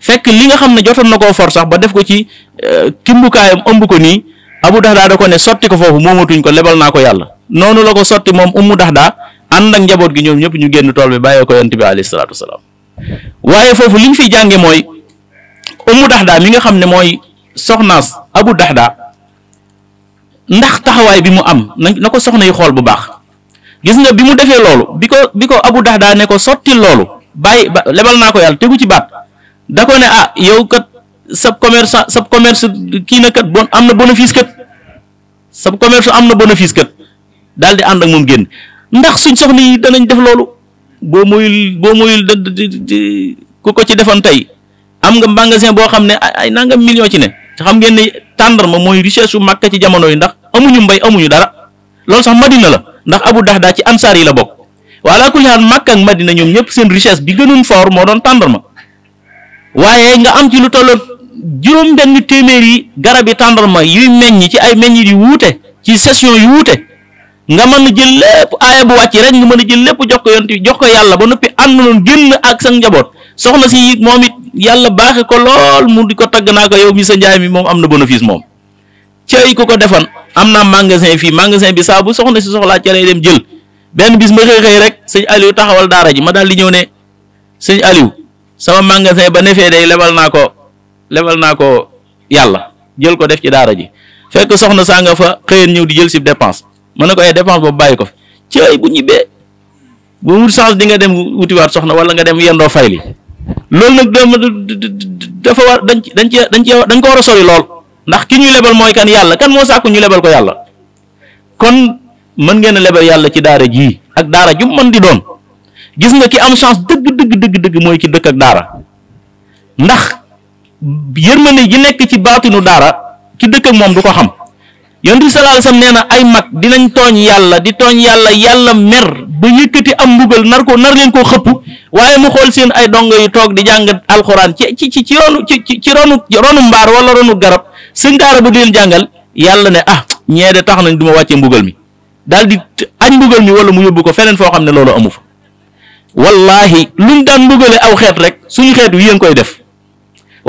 fekk li nga xam ne jotoon na koo for sax ba def ko ci euh, kimbukaayam ëmb ko nii abu daxdaa da ko ne sotti ko foofu moomatuñ ko lebal naa ko yàlla noonu la ko sotti moom ummu daxdaa ànd ak njaboot gi ñoom ñëpp ñu génn tool bi bàyyee ko yonent bi alayhi salaatu waaye foofu liñ fiy jànge mooy ummu daxdaa mi nga xam ne mooy soxnaas abu daxdaa ndax taxawaay bi mu am na ko soxna yi xool bu baax gis nga bi mu defee loolu bi ko bi ko abu daxdaa ne ko sottil loolu bàyyi lebal naa ko yàlla tegu ci baat da ko ne ah yow kat sab commerce sab commerce kii na kat bon am na bénéfice kat sab commerce am na bénéfice kat daal di ànd ak moom génn ndax suñ soxna yi danañ def loolu boo muyul boo muyul ku ko ci defoon tey am nga magasin boo xam ne ay nangam million ci ne te xam ngeen ne tàndarma mooy richesse su màkk ci jamono yi ndax amuñu mbay amuñu dara loolu sax madina la ndax abu dahda ci ansaar yi la bokk wala kulli haal màkk ak madina ñoom ñëpp seen richesse bi gënoon fort moo doon tàndarma waaye nga am ci lu tolloog juróom benn téeméer yi garab yi tàndarma yuy meññ ci ay meññit yu wuute ci session yu wuute nga mën a jël lépp aaya bu wàcc rek nga mën a jël lépp jox ko jox ko yàlla ba noppi ànd noonu génn ak sa njaboot soxna si moom it yàlla baaxe ko lool mu di ko tagg naa ko yow mi sa njaay mi moom am na bénéfice moom cey ku ko ko defoon am naa magasin fii magasin bi saa bu soxna si soxlaa ca lay dem jël benn bis ma xëy xëy rek sëñ Aliou taxawal daara ji ma daal di ñëw ne sëñ Aliou sama magasin ba nefee day lebal naa ko lebal naa ko yàlla jël ko def ci daara ji fekk soxna saa nga fa xëyeen ñëw di jël si dépense mën na ko ay eh, dépense boobu bàyyi ko fi ci ay bu ñibbee bu wut chance di nga dem wutiwaat soxna wala nga dem yendoo fay li loolu nag dafa war dañ dañ ci dañ ci dañ ko war a sori lool ndax ki ñuy lebal mooy kan yàlla kan moo sàkku ñu lebal ko yàlla kon mën ngeen lebal yàlla ci daara jii ak daara ju mën di doon gis nga ki am chance dëgg dëgg dëgg dëgg mooy ki dëkk ak daara ndax yërmande ji nekk ci baatinu daara ki dëkk ak moom du ko xam yonent bi sallallahu alayhi wasallam nee na ay mag dinañ tooñ yàlla di tooñ yàlla yàlla mer ba yëkkati am mbugal nar ko nar leen koo xëpp waaye mu xool seen ay dongo yu toog di jàng alxuraan ci ci ci ci ronu ci ci ronu ronu mbaar wala ronu garab seen daara bu di jàngal yàlla ne ah ñee de tax nañ du ma wàccee mbugal mi daal di añ mbugal mi wala mu yóbbu ko feneen foo xam ne loolu fa wallahi luñ daan mbugale aw xeet rek suñu xeet wi yéen koy def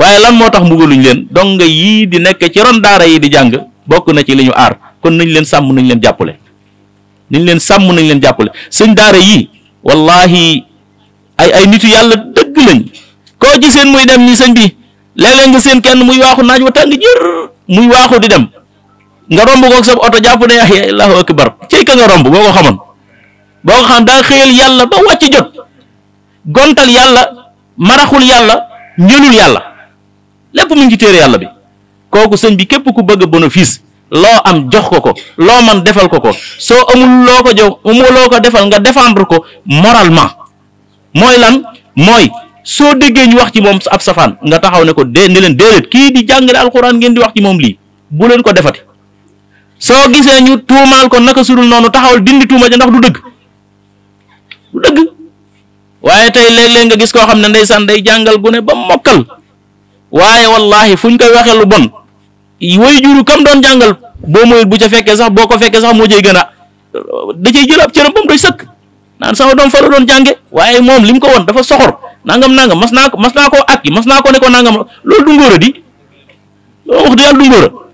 waaye lan moo tax mbugaluñ leen donga yii di nekk ci ron daara yi di jàng bokk na ci lañu aar kon nañ leen sàmm nañ leen jàppale nañ leen sàmm nañ leen jàppale sëñ daara yii wallahi ay ay nitu yàlla dëgg lañ koo ci seen muy dem ni sëñ bi léeg leen nga seen kenn muy waaxu naaj wa tàng jër muy waaxu di dem nga romb koog sa oto jàpp ne ah yaa Allahu akbar cey ka nga romb boo ko xamoon boo xam daa xëyal yàlla ba wàcc jot gontal yàlla maraxul yàlla ñëlul yàlla lépp mu ngi ci téere yàlla bi kooku sëñ bi képp ku bëgg bénéfice loo am jox ko ko loo man defal ko ko soo amul loo ko jox loo ko defal nga défendre ko moralement mooy lan mooy soo déggee ñu wax ci moom ab safaan nga taxaw ne ko dé ni leen déedéet kii di jàngale alxuraan ngeen di wax ci moom lii bu leen ko defati soo gisee ñu tuumaal ko naka sudul noonu taxawal dindi tuuma ja ndax du dëgg bu dëgg waaye tey léeg-léeg nga gis koo xam ne ndeysaan day jàngal gune ba mokkal waaye wallahi fu ñu koy waxee lu bon woy juru kam doon jàngal boo moyul bu ca fekkee sax boo ko fekkee sax moo cay gën da cay jël ab cëram ba mu doy sëkk naan sama doom fa doon jànge waaye moom li mu ko woon dafa soxor nangam nangam mas naa ko mas naa koo ak mas naa ko ne ko nangam loolu du ngóora di loolu wax dëgg yàlla du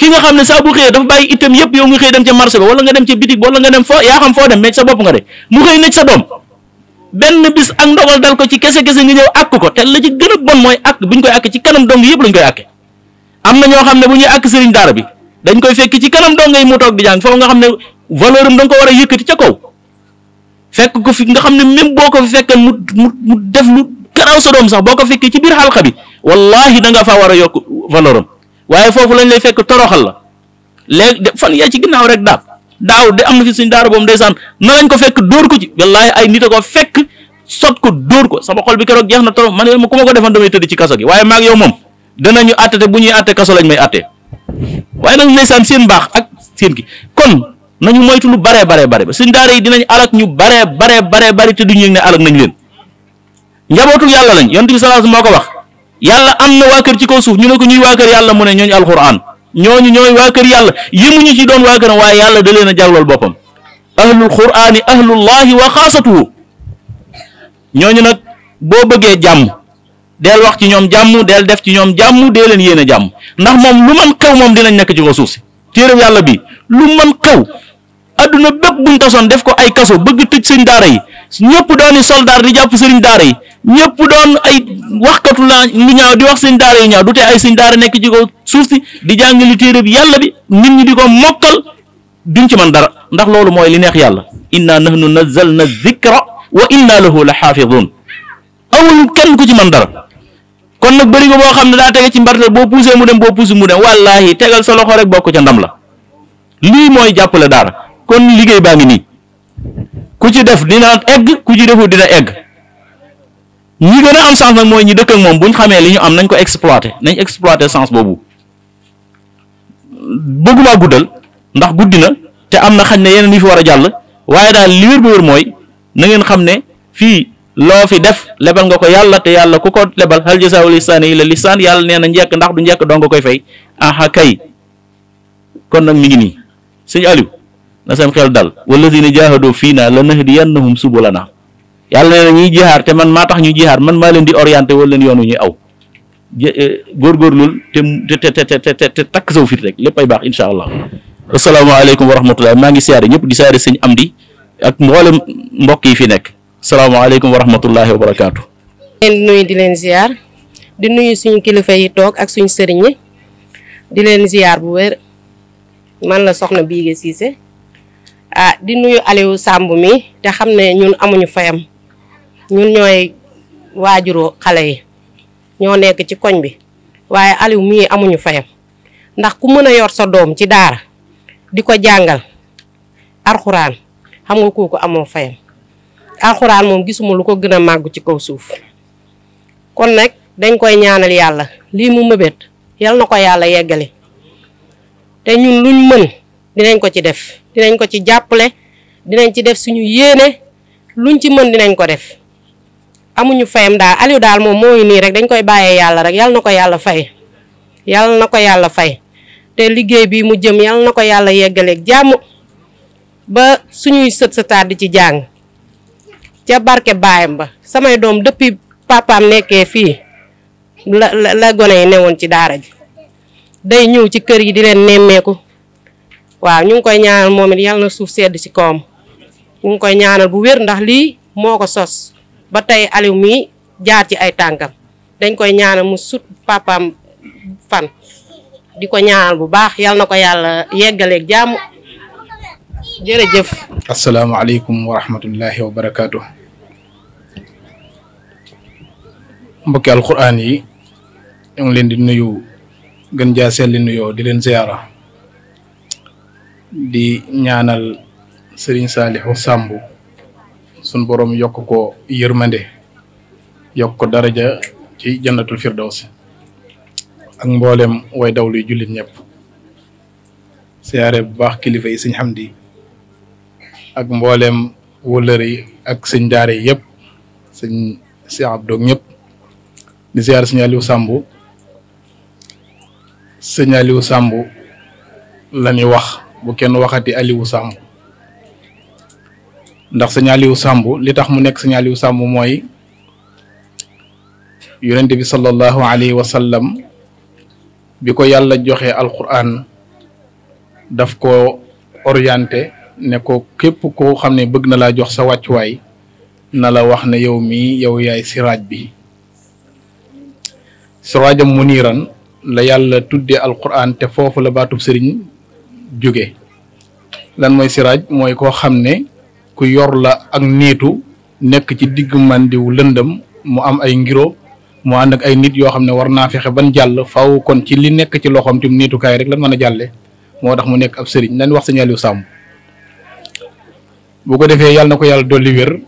ki nga xam ne saa bu xëyee dafa bàyyi itam yëpp yow nga xëy dem ca marché ba wala nga dem ca bitig wala nga dem foo yaa xam foo dem mais sa bopp nga bis ak ndogal dal ko ci kese kese nga ñëw àkk ko te la ci gën a bon mooy àkk bu ñu koy àkk ci kanam dong yëpp lañ koy am na ñoo xam ne bu ñuy àkk sëriñ daara bi dañ koy fekk ci kanam dong ngay mu toog di jàng foofu nga xam ne valeur am da ko war a yëkkati ca kaw fekk ko fi nga xam ne même boo ko fekkan mu mu mu def lu garaaw sa doom sax boo ko fekkee ci biir xalqa bi wallahi da nga faa war a yokk valeur am waaye foofu lañ lay fekk toroxal la léegi fan yaa ci ginnaaw rek daaw daaw de am na fi suñ daara boobu ndeysaan na lañ ko fekk dóor ko ci wallaahi ay nit a ko fekk sot ko dóor ko sama xol bi keroog jeex na torox man ku ma ko defoon damay tëdd ci kaso gi waaye maag yow moom danañu àtte te bu ñuy àtte kaso lañ may àtte waaye nag ndeysaan seen baax ak seen ki kon nañu moytu lu baree baree bare ba suñ daara yi dinañ alak ñu baree baree baree bari te duñu yëg ne alak nañ leen njabootu yàlla lañ yonent bi salaas moo ko wax yàlla am na waa kër ci kaw suuf ñu ne ko ñuy waa kër yàlla mu ne ñooñu alxuraan ñooñu ñooy waa kër yàlla ñu ci doon waa këram waaye yàlla da leen a jaglool boppam ahlul quraani ahlullahi wa xaasatuhu ñooñu nag boo bëggee jàmm deel wax ci ñoom jàmm del def ci ñoom jàmm dee leen yéene jàmm ndax moom lu man xew moom dinañ nekk ci ko suuf si téeram yàlla bi lu man xew adduna bépp bu tasoon def ko ay kaso bëgg tëj seen daara yi ñëpp dooni soldaar di jàpp sëriñ daara yi ñëpp doon ay waxkatu la lu ñaaw di wax sëriñ daara yu ñaaw du tee ay sëriñ daara nekk ci kaw suuf si di jàngali téere bi yàlla bi nit ñi di ko mokkal duñ ci mën dara ndax loolu mooy li neex yàlla inna nahnu nazzalna zikra wa inna lahu la xaafidun amul kenn ku ci mën dara kon nag bëri ko boo xam ne daa tege ci mbartal boo puusee mu dem boo puusee mu dem wallaahi tegal sa loxo rek bokk ca ndam la lii mooy jàppale daara kon liggéey baa ngi nii ku ci def dina egg ku ci defu dina egg ñi gën a am sens nag mooy ñi dëkk ak moom bu ñu xamee li ñu am nañ ko exploité nañ exploité sens boobu bëggumaa guddal ndax guddi na te am na xañ ne yeneen yu fi war a jàll waaye daal li wér bi wér mooy na ngeen xam ne fii loo fi def lebal nga ko yàlla te yàlla ku ko lebal hal jazaa'ul ihsaani illa l-ihsaan yàlla nee na njekk ndax du njekk doo nga koy fay aha kay kon nag mi ngi nii sëñ Aliou na seen xel dal wallazina jaahadu fii naa lanahdiyannahum subulana yàlla nee na ñuy jihaar te man maa tax ñu jihaar man maa leen di orienté wala leen yoonu ñuy aw eh, góorgóorlul te te te te te takk saw fit rek lépp ay baax incha allah asalaamaaleykum wa rahmatulah maa ngi siyaare ñëpp di siyaare am di ak mboolem mbokk yi fi nekk salaamaaleykum wa rahmatullahi wa barakaatu. di leen nuyu di leen ziar di nuyu suñu kilifa yi toog ak suñu di leen ziar bu wér man ah di nuyu Aliou Samb mi te xam ne ñun amuñu fayam ñun ñooy waajuroo xale yi ñoo nekk ci koñ bi waaye Aliou mii amuñu fayam ndax ku mën a yor sa doom ci daara di ko jàngal arxuraan xam nga kooku amoo fayam arxuraan moom gisuma lu ko gën a màgg ci kaw suuf kon nag dañ koy ñaanal yàlla lii mu mëbét yal na ko yàlla yeggali te ñun luñ mën dinañ ko ci def dinañ ko ci jàppale dinañ ci def suñu yéene luñ ci mën dinañ ko def amuñu fayam daal Aliou daal moom mooy nii rek dañ koy bàyyee yàlla rek yàlla na ko yàlla fay yàlla na ko yàlla fay te liggéey bi mu jëm yàlla na ko yàlla yeggaleeg jàmm ba suñuy sët sëtaat di ci jàng ca barke baayam ba samay doom depuis papaam nekkee fii la la gone yi newoon ci daara ji day ñëw ci kër yi di leen nemmeeku waaw ñu ngi koy ñaanal moom it yàlla na suuf sedd ci kawam ñu ngi koy ñaanal bu wér ndax lii moo ko sos ba tey Aliou mii jaar ci ay tànkam dañ koy ñaanal mu sut papaam fan di ko ñaanal bu baax yàlla na ko yàlla yeggaleeg jàmm jërëjëf. asalaamaaleykum wa rahmatullahi wa barakaatu. mbokki alquran yi ñu ngi leen di nuyu gën jaa sell nuyoo di leen ziyaara di ñaanal Serigne Saliou Samb sun boroom yokk ko yërmande yokk ko daraja ci jannatul firdaws ak mboolem way dawlu jullit ñëpp siyaare bu baax kilifa yi sëñ Hamdi ak mboolem wëllër yi ak sëñ daara yi yëpp sëñ si Abdoog ñëpp di siyaare sëñ Aliou Samb sëñ Aliou wax bu kenn waxati Aliou Samb ndax sëñ Aliou Samb li tax mu nekk sëñ Aliou Samb mooy yonente bi sallallahu alayhi wa sallam bi ko yàlla joxe alquran daf ko orienté ne ko képp ko xam ne bëgg na laa jox sa wàccuwaay na la wax ne yow mi yow yaay siraaj bi siraajam muniran la yàlla tudde alquran te foofu la baatub sëriñ jóge lan mooy siraaj mooy koo xam ne ku yor la ak niitu nekk ci digg màndiwu lëndëm mu am ay ngiro mu ànd ak ay nit yoo xam ne war naa fexe ban jàll faw kon ci li nekk ci loxoom tim niitukaay rek lan mën a jàlle moo tax mu nekk ab sëriñ nan wax sëñ Aliou Samb bu ko defee yàlla na ko yàlla dolli wér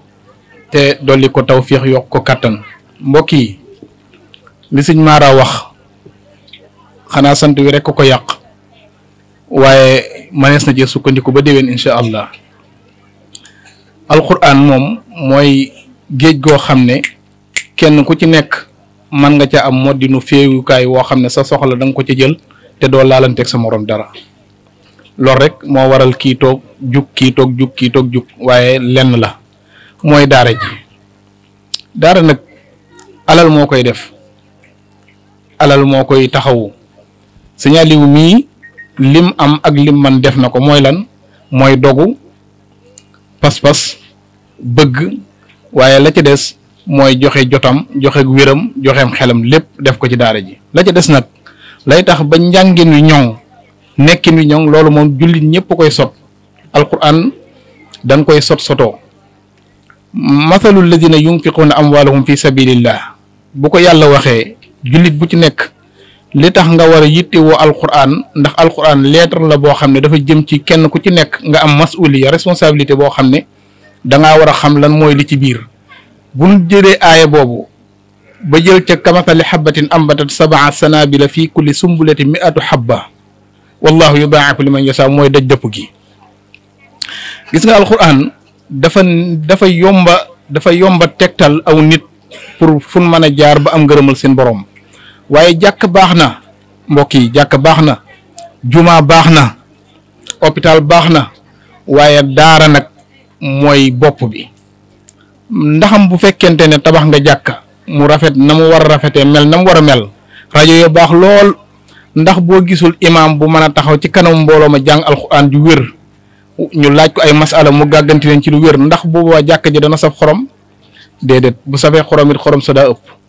te dolli ko taw tawfiix yokk ko kàttan mbokk yi li sëñ Mara wax xanaa sant wi rek ko ko yàq waaye manees na ci sukkandiku ba déwén incha allah alquran moom mooy géej goo xam ne kenn ku ci nekk mën nga ca am moddinu féewukaay woo xam ne sa soxla danga ko ca jël te doo laalanteeg sa moroom dara loolu rek moo waral kiitoog toog jug kii toog jug toog jug waaye lenn la mooy daara ji daara nag alal moo koy def alal moo koy taxawu signaliwu mii lim am ak lim man def na ko mooy lan mooy dogu pas-pas bëgg waaye la ci des mooy joxe jotam joxe wéram joxeem xelam lépp def ko ci daara ji la ci des nag lay tax ba njàngin wi ñoŋ nekkin wi ñoŋ loolu moom jullit ñëpp koy sot alquran dañ koy sot soto sotoo mathalu am yunfiquuna amwaalahum fi sabilillah bu ko yàlla waxee jullit bu ci nekk li tax nga war a yittewoo alquran ndax alquran lettre la boo xam ne dafa jëm ci kenn ku ci nekk nga am masuliya responsabilité boo xam ne dangaa war a xam lan mooy li ci biir buñ jëlee aaya boobu ba jël ca kamasali xabatin ambatat sabaa la fii kulli sumbulati miatu xabba wallahu yudaafu liman yasa mooy daj dëpp gi gis nga alquran dafa dafa yomba dafa yomba tegtal aw nit pour fun mën a jaar ba am ngërëmal seen borom waaye jàkk baax na mbokk yi jàkk baax na jumaa baax na hôpital baax na waaye daara nag mooy bopp bi ndaxam bu fekkente ne tabax nga jàkka mu rafet na mu war a rafetee mel na mu war a mel rajo yo baax lool ndax boo gisul imaam bu mën a taxaw ci kanam mbooloo ma jàng alxuraan ju wér ñu laaj ko ay masala mu gàgganti leen ci lu wér ndax boobaa jàkk ji dana saf xorom déedéet bu safee xorom it xorom sa daa ëpp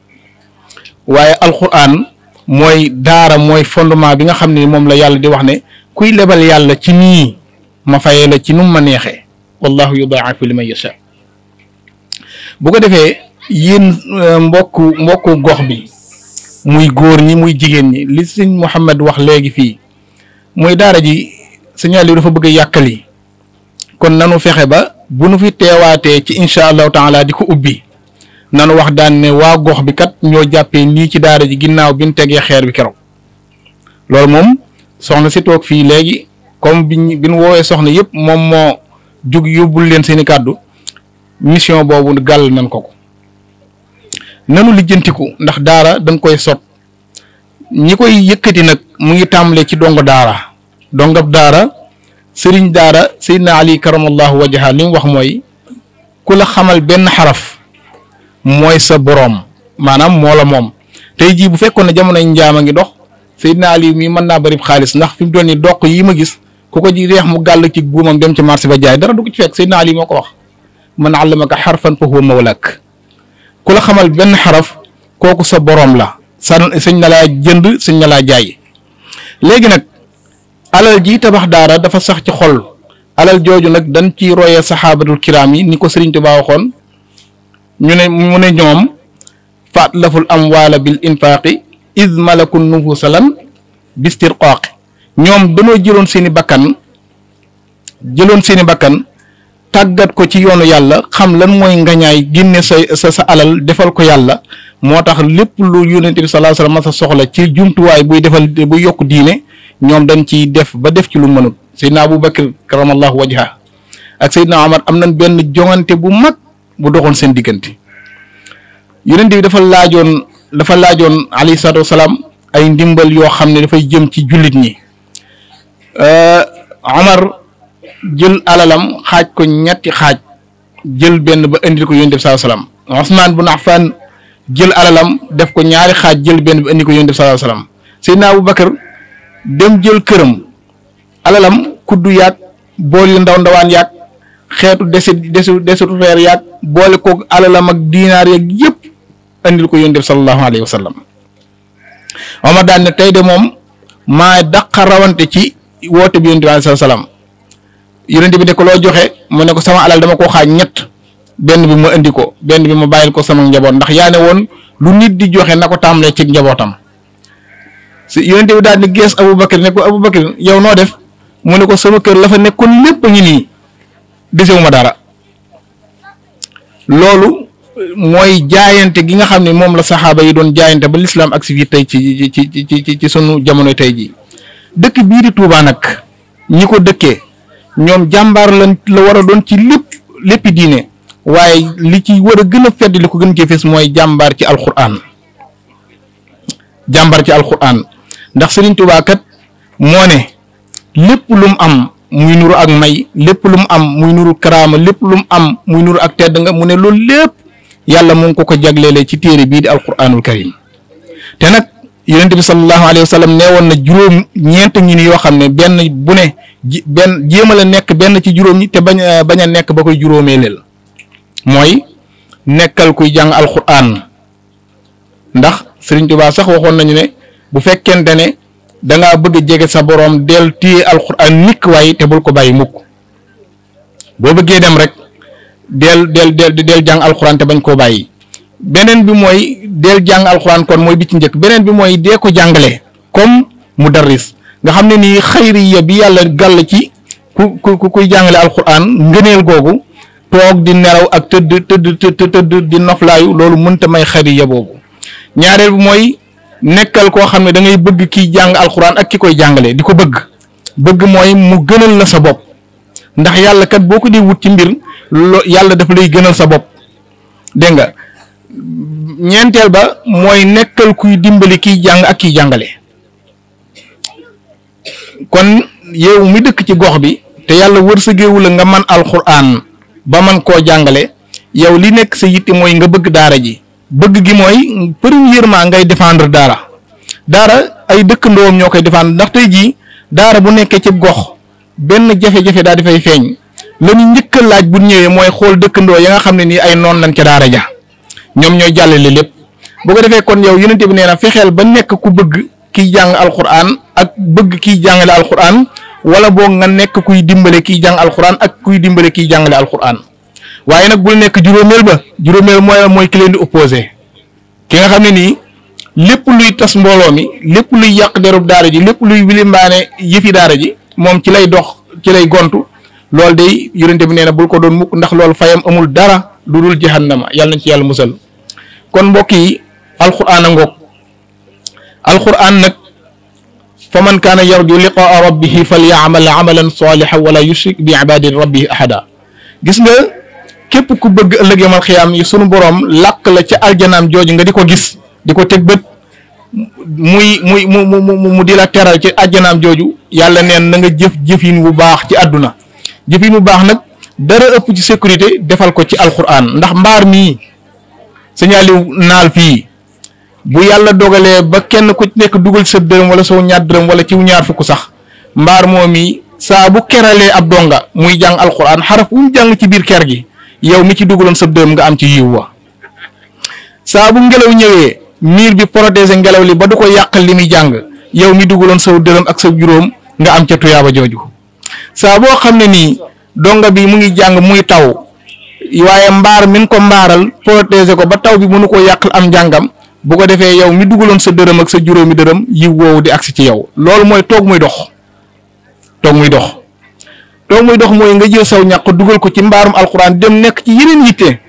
waaye alxuraan mooy daara mooy fondement bi nga xam ni moom la yàlla di wax ne kuy lebal yàlla ci nii ma fayee la ci num ma neexee wallahu yudaafu liman yasha bu ko defee yéen euh, mbokk mbokku gox bi muy góor ñi muy jigéen ñi li sëñ Mouhamed wax léegi fii mooy daara ji signal yi dafa bëgg a yi kon nanu fexe ba bu nu fi teewaatee ci incha allahu taala di ko ubbi nanu wax daan ne waa gox bi kat ñoo jàppee nii ci daara ji ginnaaw bi ñu tegee xeer bi keroog loolu moom soxna si toog fii léegi comme biñ biñ woowee soxna yëpp moom moo jóg yóbbul leen seeni kàddu mission boobu gàll nañ ko ko nanu lijjantiku ndax daara danga koy sot ñi koy yëkkati nag mu ngi tàmbalee ci dong daara dongab daara sëriñ daara Seydina Ali karamallahu wajaha li mu wax mooy ku la xamal benn xaraf mooy sa boroom maanaam moo la moom tey jii bu fekkoon ne jamonoy njaam a ngi dox Seydina Aliou mii mën naa bari xaalis ndax fi mu doon ni doq yi ma gis ku ko ji reex mu gàll ci guumam dem ci marché ba jaay dara du ko ci fekk Seydina Aliou moo ko wax man allamaka xarfan fa huwa mawlak ku la xamal benn xaraf kooku sa boroom la sa sañ na laa jënd sañ na laa jaay léegi nag alal ji tabax daara dafa sax ci xol alal jooju nag dañ ciy royee saxaabatul kiraam yi ni ko Sëriñ Tuubaa waxoon ñu ne mu ne ñoom faat laful amwaala bil infaaqi iz malaku nufusalan bistirqaaqi ñoom danoo jëloon seeni bakkan jëloon seeni bakkan tàggat ko ci yoonu yàlla xam lan mooy ngañaay génne sa sa sa alal defal ko yàlla moo tax lépp lu yonent bi sallallahu alayhi sa soxla ci jumtuwaay buy defal buy yokk diine ñoom dañ ciy def ba def ci lu mënut Seydina Abu Bakr karamallahu wajha ak Seydina Omar am nañ benn jongante bu mag bu doxoon seen diggante yonent bi dafa laajoon dafa laajoon alayhi salaatu wasalaam ay ndimbal yoo xam ne dafay jëm ci jullit ñi euh, Omar jël alalam xaaj ko ñetti xaaj jël benn ba indil ko yoon def saa salaam Ousmane bu Affan jël alalam def ko ñaari xaaj jël benn ba indi ko yoon bi saa salaam Seydina Abubakar dem jël këram alalam kuddu yaag bool yu ndaw ndawaan yaag xeetu desit desu desitu reer yaag boole koog alalam ak diinaar yeeg yëpp andil ko yonent bi sallallahu alayhi wa sallam Omar daal ne tey de moom maa daqa rawante ci woote bi yonent bi salaam yonent bi ne ko loo joxe mu ne ko sama alal dama ko xaaj ñett benn bi mu indi ko benn bi ma bàyyil ko sama njaboot ndax yaa ne woon lu nit di joxe na ko tàmbalee ci njabootam si yonent bi daal di gees Aboubacar ne ko Aboubacar yow noo def mu ne ko sama kër la fa nekkoon lépp a ngi nii desewuma dara. loolu mooy jaayante gi nga xam ne moom la saxaaba yi doon jaayante ba lislaam ak fii tey ci ci ci ci ci sunu jamono tey ji dëkk bii di Touba nag ñi ko dëkkee ñoom jàmbaar la la war a doon ci lépp léppi diine waaye li ci war a gën a fedd li ko gën cee mooy jàmbaar ci alxuraan jàmbaar ci alxuraan ndax Serigne Touba kat moo ne lépp lu mu am muy nuru ak may lépp lu mu am muy nuru karaama lépp lu mu am muy nuru ak tedd nga mu ne loolu lépp yàlla mu ngi ko ko jagleele ci téere bii di alquranul karim te nag yonent bi sallallahu alayhi wa sallam woon na juróom ñeent ngi ni yoo xam ne benn bu ne ji benn jéem a la nekk benn ci juróom ñi te bañ a bañ a nekk ba koy juróomee leel mooy nekkal kuy jàng alquran ndax Sëriñ Tuubaa sax waxoon nañu ne bu fekkente ne da ngaa bëgg a jege sa boroom del téye alxuraan nikk waaye te bul ko bàyyi mukk boo bëggee dem rek del del del del jàng alxuraan te bañ koo bàyyi beneen bi mooy del jàng kon mooy bi ci njëkk beneen bi mooy dee ko jàngale mu daris nga xam ne nii xayriya bi yàlla gàll ci ku ku kuy jàngale alxuraan ngëneel googu toog di nelaw ak tëdd tëdd tëdd tëdd di noflaayu loolu mënta may xayriya boobu ñaareel bi mooy nekkal koo xam ne dangay ngay bëgg kiy jàng alxuraan ak ki koy jàngale di ko bëgg bëgg mooy mu gënal la sa bopp ndax yàlla kat boo ko di wut ci mbir yàlla dafa lay gënal sa bopp dégg nga ñeenteel ba mooy nekkal kuy dimbali kiy jàng ak kiy jàngale kon yow mu dëkk ci gox bi te yàlla wërsëgeewu la nga man alxuraan ba man koo jàngale yow li nekk sa yitte mooy nga bëgg daara ji bëgg gi mooy premièrement ngay défendre daara daara ay dëkk dëkkandoom ñoo koy défendre ndax tey jii daara bu nekkee ci gox benn jafe-jafe daal di fay feeñ la ñu laaj bu ñëwee mooy xool dëkkandoo ya nga xam ne nii ay noon lañ ca daara ja ñoom ñooy jàllale lépp boo ko defee kon yow yonente bi nee na fexeel ba nekk ku bëgg kiy jàng alquran ak bëgg kiy jàngale alquran wala boo nga nekk kuy dimbale kiy jàng alquran ak kuy dimbale kiy jàngale alquran waaye nag bul nekk juróomeel ba juróomeel mooy la mooy ki leen di opposé ki nga xam ne nii lépp luy tas mbooloo mi lépp luy yàq derub daara ji lépp luy wilimbaane yëfi daara ji moom ci lay dox ci lay gontu loolu day yonente bi nee na bul ko doon mukk ndax loolu fayam amul dara lu dul jahannama yàlla nañ ci yàlla musal kon mbokk yi alquran a ngoog alquran nag fa man kaana yarju liqaa rabbihi fal yaamal amalan salihan wala yushrik bi ibadati rabbihi ahada gis nga képp ku bëgg ëllëg yamal xiyaam yi sunu boroom làkk la ci aljanaam jooju nga di ko gis di ko teg bët muy muy mu mu mu di la teral ci aljanaam jooju yàlla neen na nga jëf jëfin bu baax ci àdduna jëfin bu baax nag dara ëpp ci sécurité defal ko ci alxuraan ndax mbaar mii sañaaliw naal fii bu yàlla dogalee ba kenn ku nekk dugal sa dërëm wala soo ñaar dërëm wala ciw ñaar fukk sax mbaar moom yi saa bu keralee ab donga muy jàng alxuraan xaraf wu mu jàng ci biir ker gi yow mi ci dugaloon sa dërëm nga am ci yiw wa saa bu ngelaw ñëwee miir bi protéger ngelaw li ba du ko yàq li muy jàng yow mi dugaloon saw dërëm ak sa juróom nga am ca tuyaaba jooju saa boo xam ne nii donga bi mu ngi jàng muy taw waaye mbaar min ko mbaaral protéger ko ba taw bi mënu ko yàqal am njàngam bu ko defee yow mi dugaloon sa dërëm ak sa juróomi dërëm yiw woowu di agsi ci yow loolu mooy toog muy dox toog muy dox loolu muy dox mooy nga jël saw ñàq dugal ko ci mbaarum alkuraan dem nekk ci yeneen yitte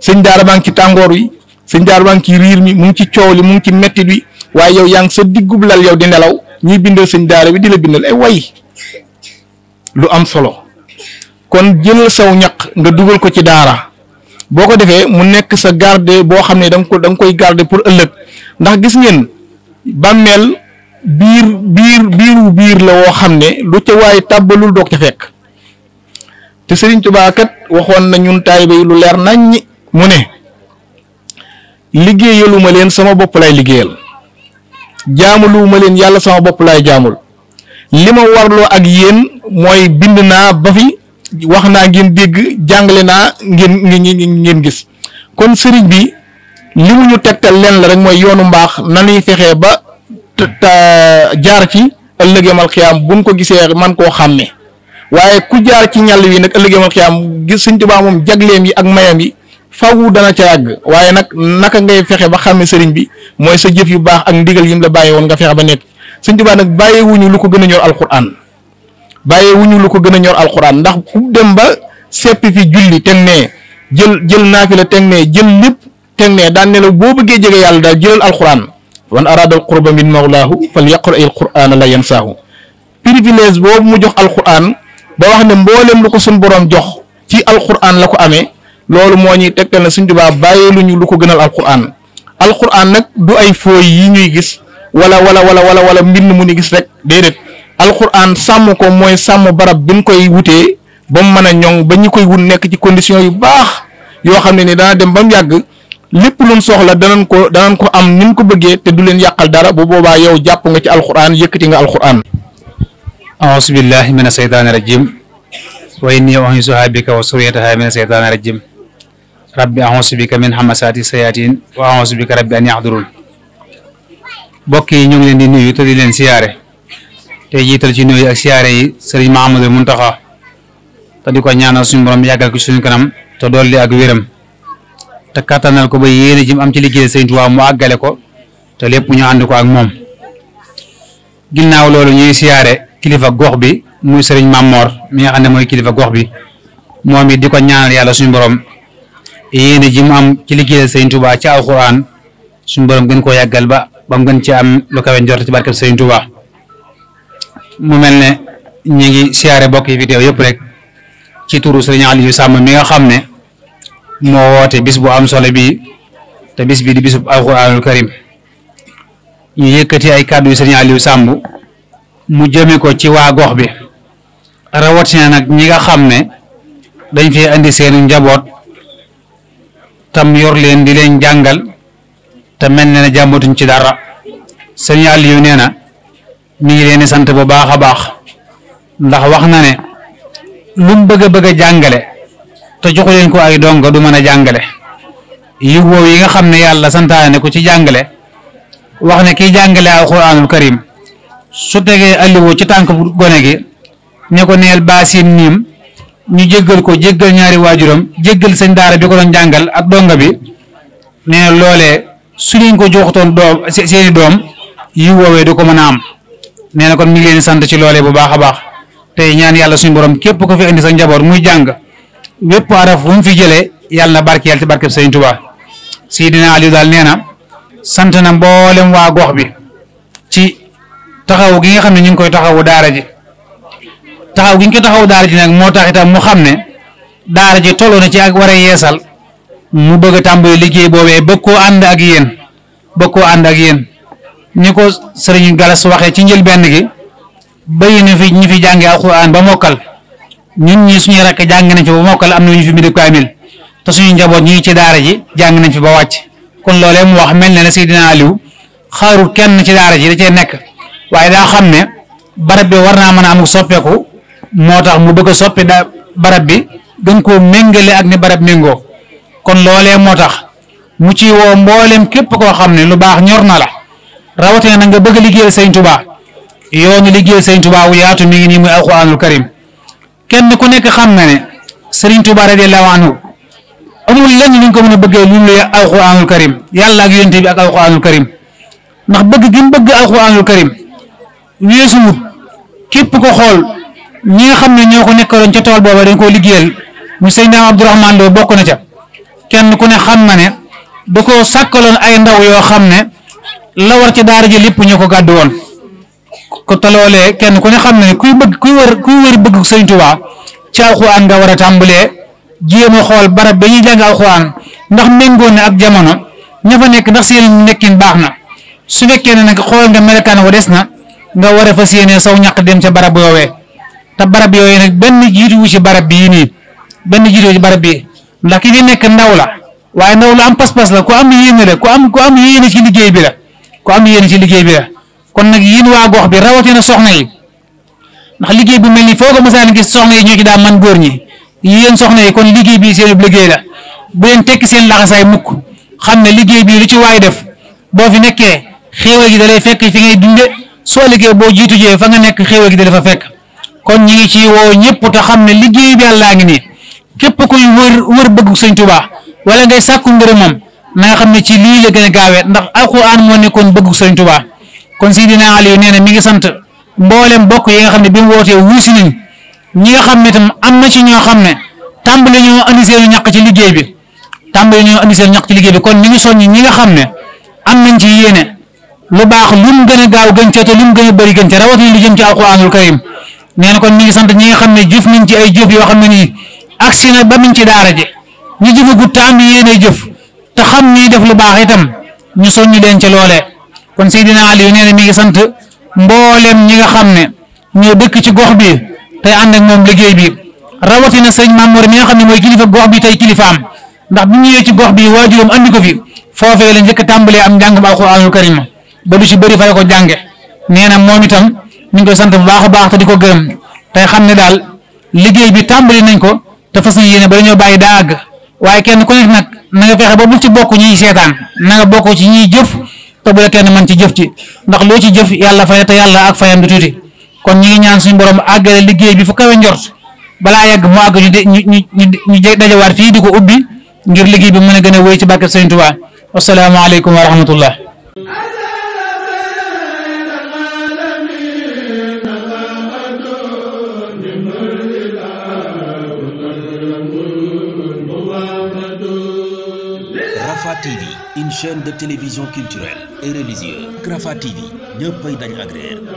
sëñ daara baa ci tàngoor yi sëñ daara baa ngi ci riir mi mu ci coow li mu ci mettit wi waaye yow yaa ngi sa diggub lal yow di nelaw ñuy bindal sëñ daara bi di la bindal ay way lu am solo kon jël saw ñaq nga dugal ko ci daara boo ko defee mu nekk sa garde boo xam ne da nga ko da koy garde pour ëllëg ndax gis ngeen bàmmeel biir biir biiru biir la woo xam ne lu ca waay tàbbalul doog ca fekk te Sëriñ Tuubaa waxoon na ñun taalibe yi lu leer naññ mu ne liggéeyaluma leen sama bopp laay liggéeyal jaamuluwuma leen yàlla sama bopp laay jaamul li ma warloo ak yéen mooy bind naa ba fi wax naa ngeen dégg jàngale naa ngeen ngeen ngeen gis kon sëriñ bi li mu ñu tegtal leen la rek mooy yoonu mbaax nanuy fexee ba jaar ci ëllëg yamal bu buñ ko gisee man koo xàmmee waaye ku jaar ci ñàll wi nag ëllëg yamal xiyaam gis Sëñ Tuubaa moom jagleem yi ak mayam yi fawu dana ca yàgg waaye nag naka ngay fexe ba xàmme sëriñ bi mooy sa jëf yu baax ak ndigal yim la bàyyi woon nga fexe ba nekk Sëñ Tuubaa nag ñu lu ko gën a ñor alxuraan bàyyiwuñu lu ko gën a ñor alxuraan ndax ku dem ba seppi fi julli teg nee jël jël naafi la teg nee jël lépp teg nee daan ne la boo bëggee jege yàlla daal jëlal alxuraan wan araada al qurba min mawlaahu fal yaqra il qur'aana la yenn yansaahu privilège boobu mu jox alquran ba wax ne mboolem lu ko suñ boroom jox ci alquran la ko amee loolu moo ñuy tegtal na suñ tubaa bàyyi lu ñu lu ko gënal alquran alquran nag du ay fooy yi ñuy gis wala wala wala wala wala mbind mu ni gis rek déedéet alquran sàmm ko mooy sàmm barab bi mu koy wutee ba mu mën a ñoŋ ba ñu koy wut nekk ci condition yu baax yoo xam ne ni dana dem ba mu yàgg lépp luñ soxla danañ ko danañ ko am ni mu ko bëggee te du leen yàqal dara bu boobaa yow jàpp nga ci alquran yëkkati nga alquran. aousu billahi min aseytaani rajim wa inni u'iizuhaa bika wa suriyatahaa min aseytaani rajim rabbi aousu bika min hamasaati sayaatiin wa aousu bika rabbi an yaxduruun mbokk yi ñu ngi leen di nuyu te di leen siyaare te jiital ci nuyu ak siyaare yi sëriñ Mahamadul Muntaxa te di ko ñaanal suñu borom yàggal ko suñu kanam te dolli ak wéram. te kattanal ko ba yéene ji mu am ci liggéey Sëriñ Tuubaa mu àggale ko te lépp ñu ànd ko ak moom ginnaaw loolu ñuy siyaare kilifa gox bi muy sëriñ Mamor mi nga xam ne mooy kilifa gox bi moom it di ko ñaanal yàlla suñ boroom yéene ji mu am ci liggéeyal Sëriñ Tuubaa ci alxuraan suñ borom gën ko yàggal ba ba mu gën ci am lu kawe njort ci barkeb Sëriñ Tuubaa mu mel ne ñu ngi siyaare bokk yi fi teew yëpp rek ci turu sëriñ Aliou Sàmm mi nga xam ne moo woote bis bu am solo bi te bis bi di bisub alquranul karim ñu yëkkati ay kàddu yu sëriñ Aliou Samb mu jëme ko ci waa gox bi rawatina nag ñi nga xam ne dañ fi indi seen njaboot tam yor leen di leen jàngal te mel ne na jàmbatuñ ci dara sëriñ Aliou nee na mi ngi leen di sant bu baax a baax ndax wax na ne lum mu bëgg a bëgg a jàngale te joxu leen ko ay dongo du mën a jàngale yiw woow yi nga xam ne yàlla santaane ko ci jàngale wax ne kiy jàngale alxuraanul karim su tegee alliwo ci tànk gone gi ne ko neel baasin niim ñu jéggal ko jéggal ñaari waajuram jéggal sëñ daara bi ko doon jàngal ak donga bi ne loole su leen ko joxutoon doom seeni doom yiw woowee du ko mën a am nee na ko mi ngi leen sant ci loolee bu baax a baax tey ñaan yàlla suñu borom képp ko fi indi sa njaboot muy jàng wépp araf wu mu fi jëlee yàlla na barkeel ci barkeb sëñ Tuubaa Seydina Aliou daal nee na sant na mboolem waa gox bi ci taxaw gi nga xam ne ñu ngi koy taxawu daara ji taxaw gi ñu taxaw taxawu daara ji nag moo tax itam mu xam ne daara ji tolloo na ci ak war a yeesal mu bëgg a liggéey boobee bëgg koo ànd ak yéen bëgg koo ànd ak yéen ni ko sëriñ Galas waxee ci njëlbéen gi bëri na fi ñi fi jàngee alxuraan ba mokkal. ñun ñii suñu rakk jàng nañ fi ba mokkal am na ñu fi mbindub kaamil te suñu njaboot ñu ngi ci daara ji jàng nañ fi ba wàcc kon loolee mu wax mel na ne Seydina Aliou xaarul kenn ci daara ji da cee nekk waaye daa xam ne barab bi war naa mën a am soppeeku moo tax mu bëgg a soppi da barab bi gën koo méngale ak ni barab méngoo kon loolee moo tax mu ci woo mboolem képp koo xam ne lu baax ñor na la rawatina na nga bëgg a liggéeyal Sëñ Tuubaa yoonu liggéey Sëñ Tuubaa wu yaatu mi ngi nii muy alxuraanul karim kenn ku nekk xam na ne Serigne Touba radiyallahu anhu amul lenn luñ ko mën a bëggee lu lu alquranul karim yàlla ak yonent bi ak karim ndax bëgg gi mu bëgg alquranul karim weesuwut képp ko xool ñi nga xam ne ñoo ko nekkaloon ca tool booba dañ koo liggéeyal mu sëñ daam Abdourahmane bokk na ca kenn ku ne xam na ne da koo sàkkaloon ay ndaw yoo xam ne lawar war ca daara ji lépp ñoo ko gàdd woon ko te loolee kenn ku ne xam na ne kuy bëgg kuy wër kuy wër bëgg sëñ Tuubaa ci alxuraan nga war a tàmbalee jéem a xool barab ba ñuy jàng alxuraan ndax méngoo ne ak jamono ña fa nekk ndax seen nekkin baax na su fekkee ne nag xool nga melokaan wa des na nga war a fas yéene saw ñàq dem ca barab yoowee te barab yooyu nag benn jiituwu ci barab bii benn jiituwu ci barab ndax ki fi nekk ndaw la waaye ndaw la am pas-pas la ku am yéene la ku am ku am yéene ci liggéey bi ko ku am yéene ci liggéey bi la kon nag yéen waa gox bi rawatina soxna yi ndax liggéey bu mel ni foo ko mosaan gis soxna yi ñoo ci daa man góor ñi yéen soxna yi kon liggéey bi seen liggéey la bu leen tekki seen laxasaay xam ne liggéey bi lu ci waay def boo fi nekkee xéewal gi da fekk fi ngay dunde soo liggéey boo jiitu fa nga nekk xéewal gi da fa fekk kon ñi ngi ci woo ñëpp ta xam ne liggéey bi yàllaa ngi nii képp kuy wër wër bëgg sëñ Tuubaa wala ngay sàkku ngërëm moom na xam ne ci lii la gën gaawee ndax alxuraan moo nekkoon bëgg sëñ Tuubaa kon Seydina Aliou nee na mi ngi sant mboolem bokk yi nga xam ne bi mu wootee wuusi nañ ñi nga xam ne tam am na ci ñoo xam ne tàmbali ñoo andi seenu ñàq ci liggéey bi tàmbali ñoo andi seenu ñàq ci liggéey bi kon ñu ngi soññi ñi nga xam ne am nañ ci yéene lu baax lu mu gën a gaaw gën ca te lu mu gën a bari gën ca rawatina lu jëm ci alquranul karim nee na kon mi ngi sant ñi nga xam ne jëf nañ ci ay jëf yoo xam ne nii agsi na ba miñ ci daara ji ñu jëfagut te am yéene jëf te xam ñuy def lu baax itam ñu soññu leen ci loolee kon Seydina Aliou nee na mi ngi sant mboolem ñi nga xam ne ñoo dëkk ci gox bi tey ànd ak moom liggéey bi rawatina sëñ Mamour mi nga xam ne mooy kilifa gox bi tey kilifaam ndax bi ñëwee ci gox bi waajuram andi ko fi foofee la njëkk tàmbalee am njàngam alxuraanul karim ba lu ci bëri fa la ko jànge nee na moom itam ñu koy sant bu baax a baax te di ko gërëm tey xam ne daal liggéey bi tàmbali nañ ko te fas yéene ba dañoo bàyyi daa àgg waaye kenn ko nekk nag na nga fexe ba bul ci bokk ñiy seetaan na nga bokk ci ñiy jëf te bu la kenn mën ci jëf ci ndax loo ci jëf yàlla fay te yàlla ak fayam du tuuti kon ñi ñaan suñu borom àggale liggéey bi fu kawe njort balaa yàgg mu àgg ñu ñu ñu ñu ñu dajawaat fii di ko ubbi ngir liggéey bi mën a woy a wéy ci barke Sëriñ Tuubaa asalaamaaleykum wa rahmatullah une chaîne de télévision culturelle et religieuse Rafah TV ñëppay dañ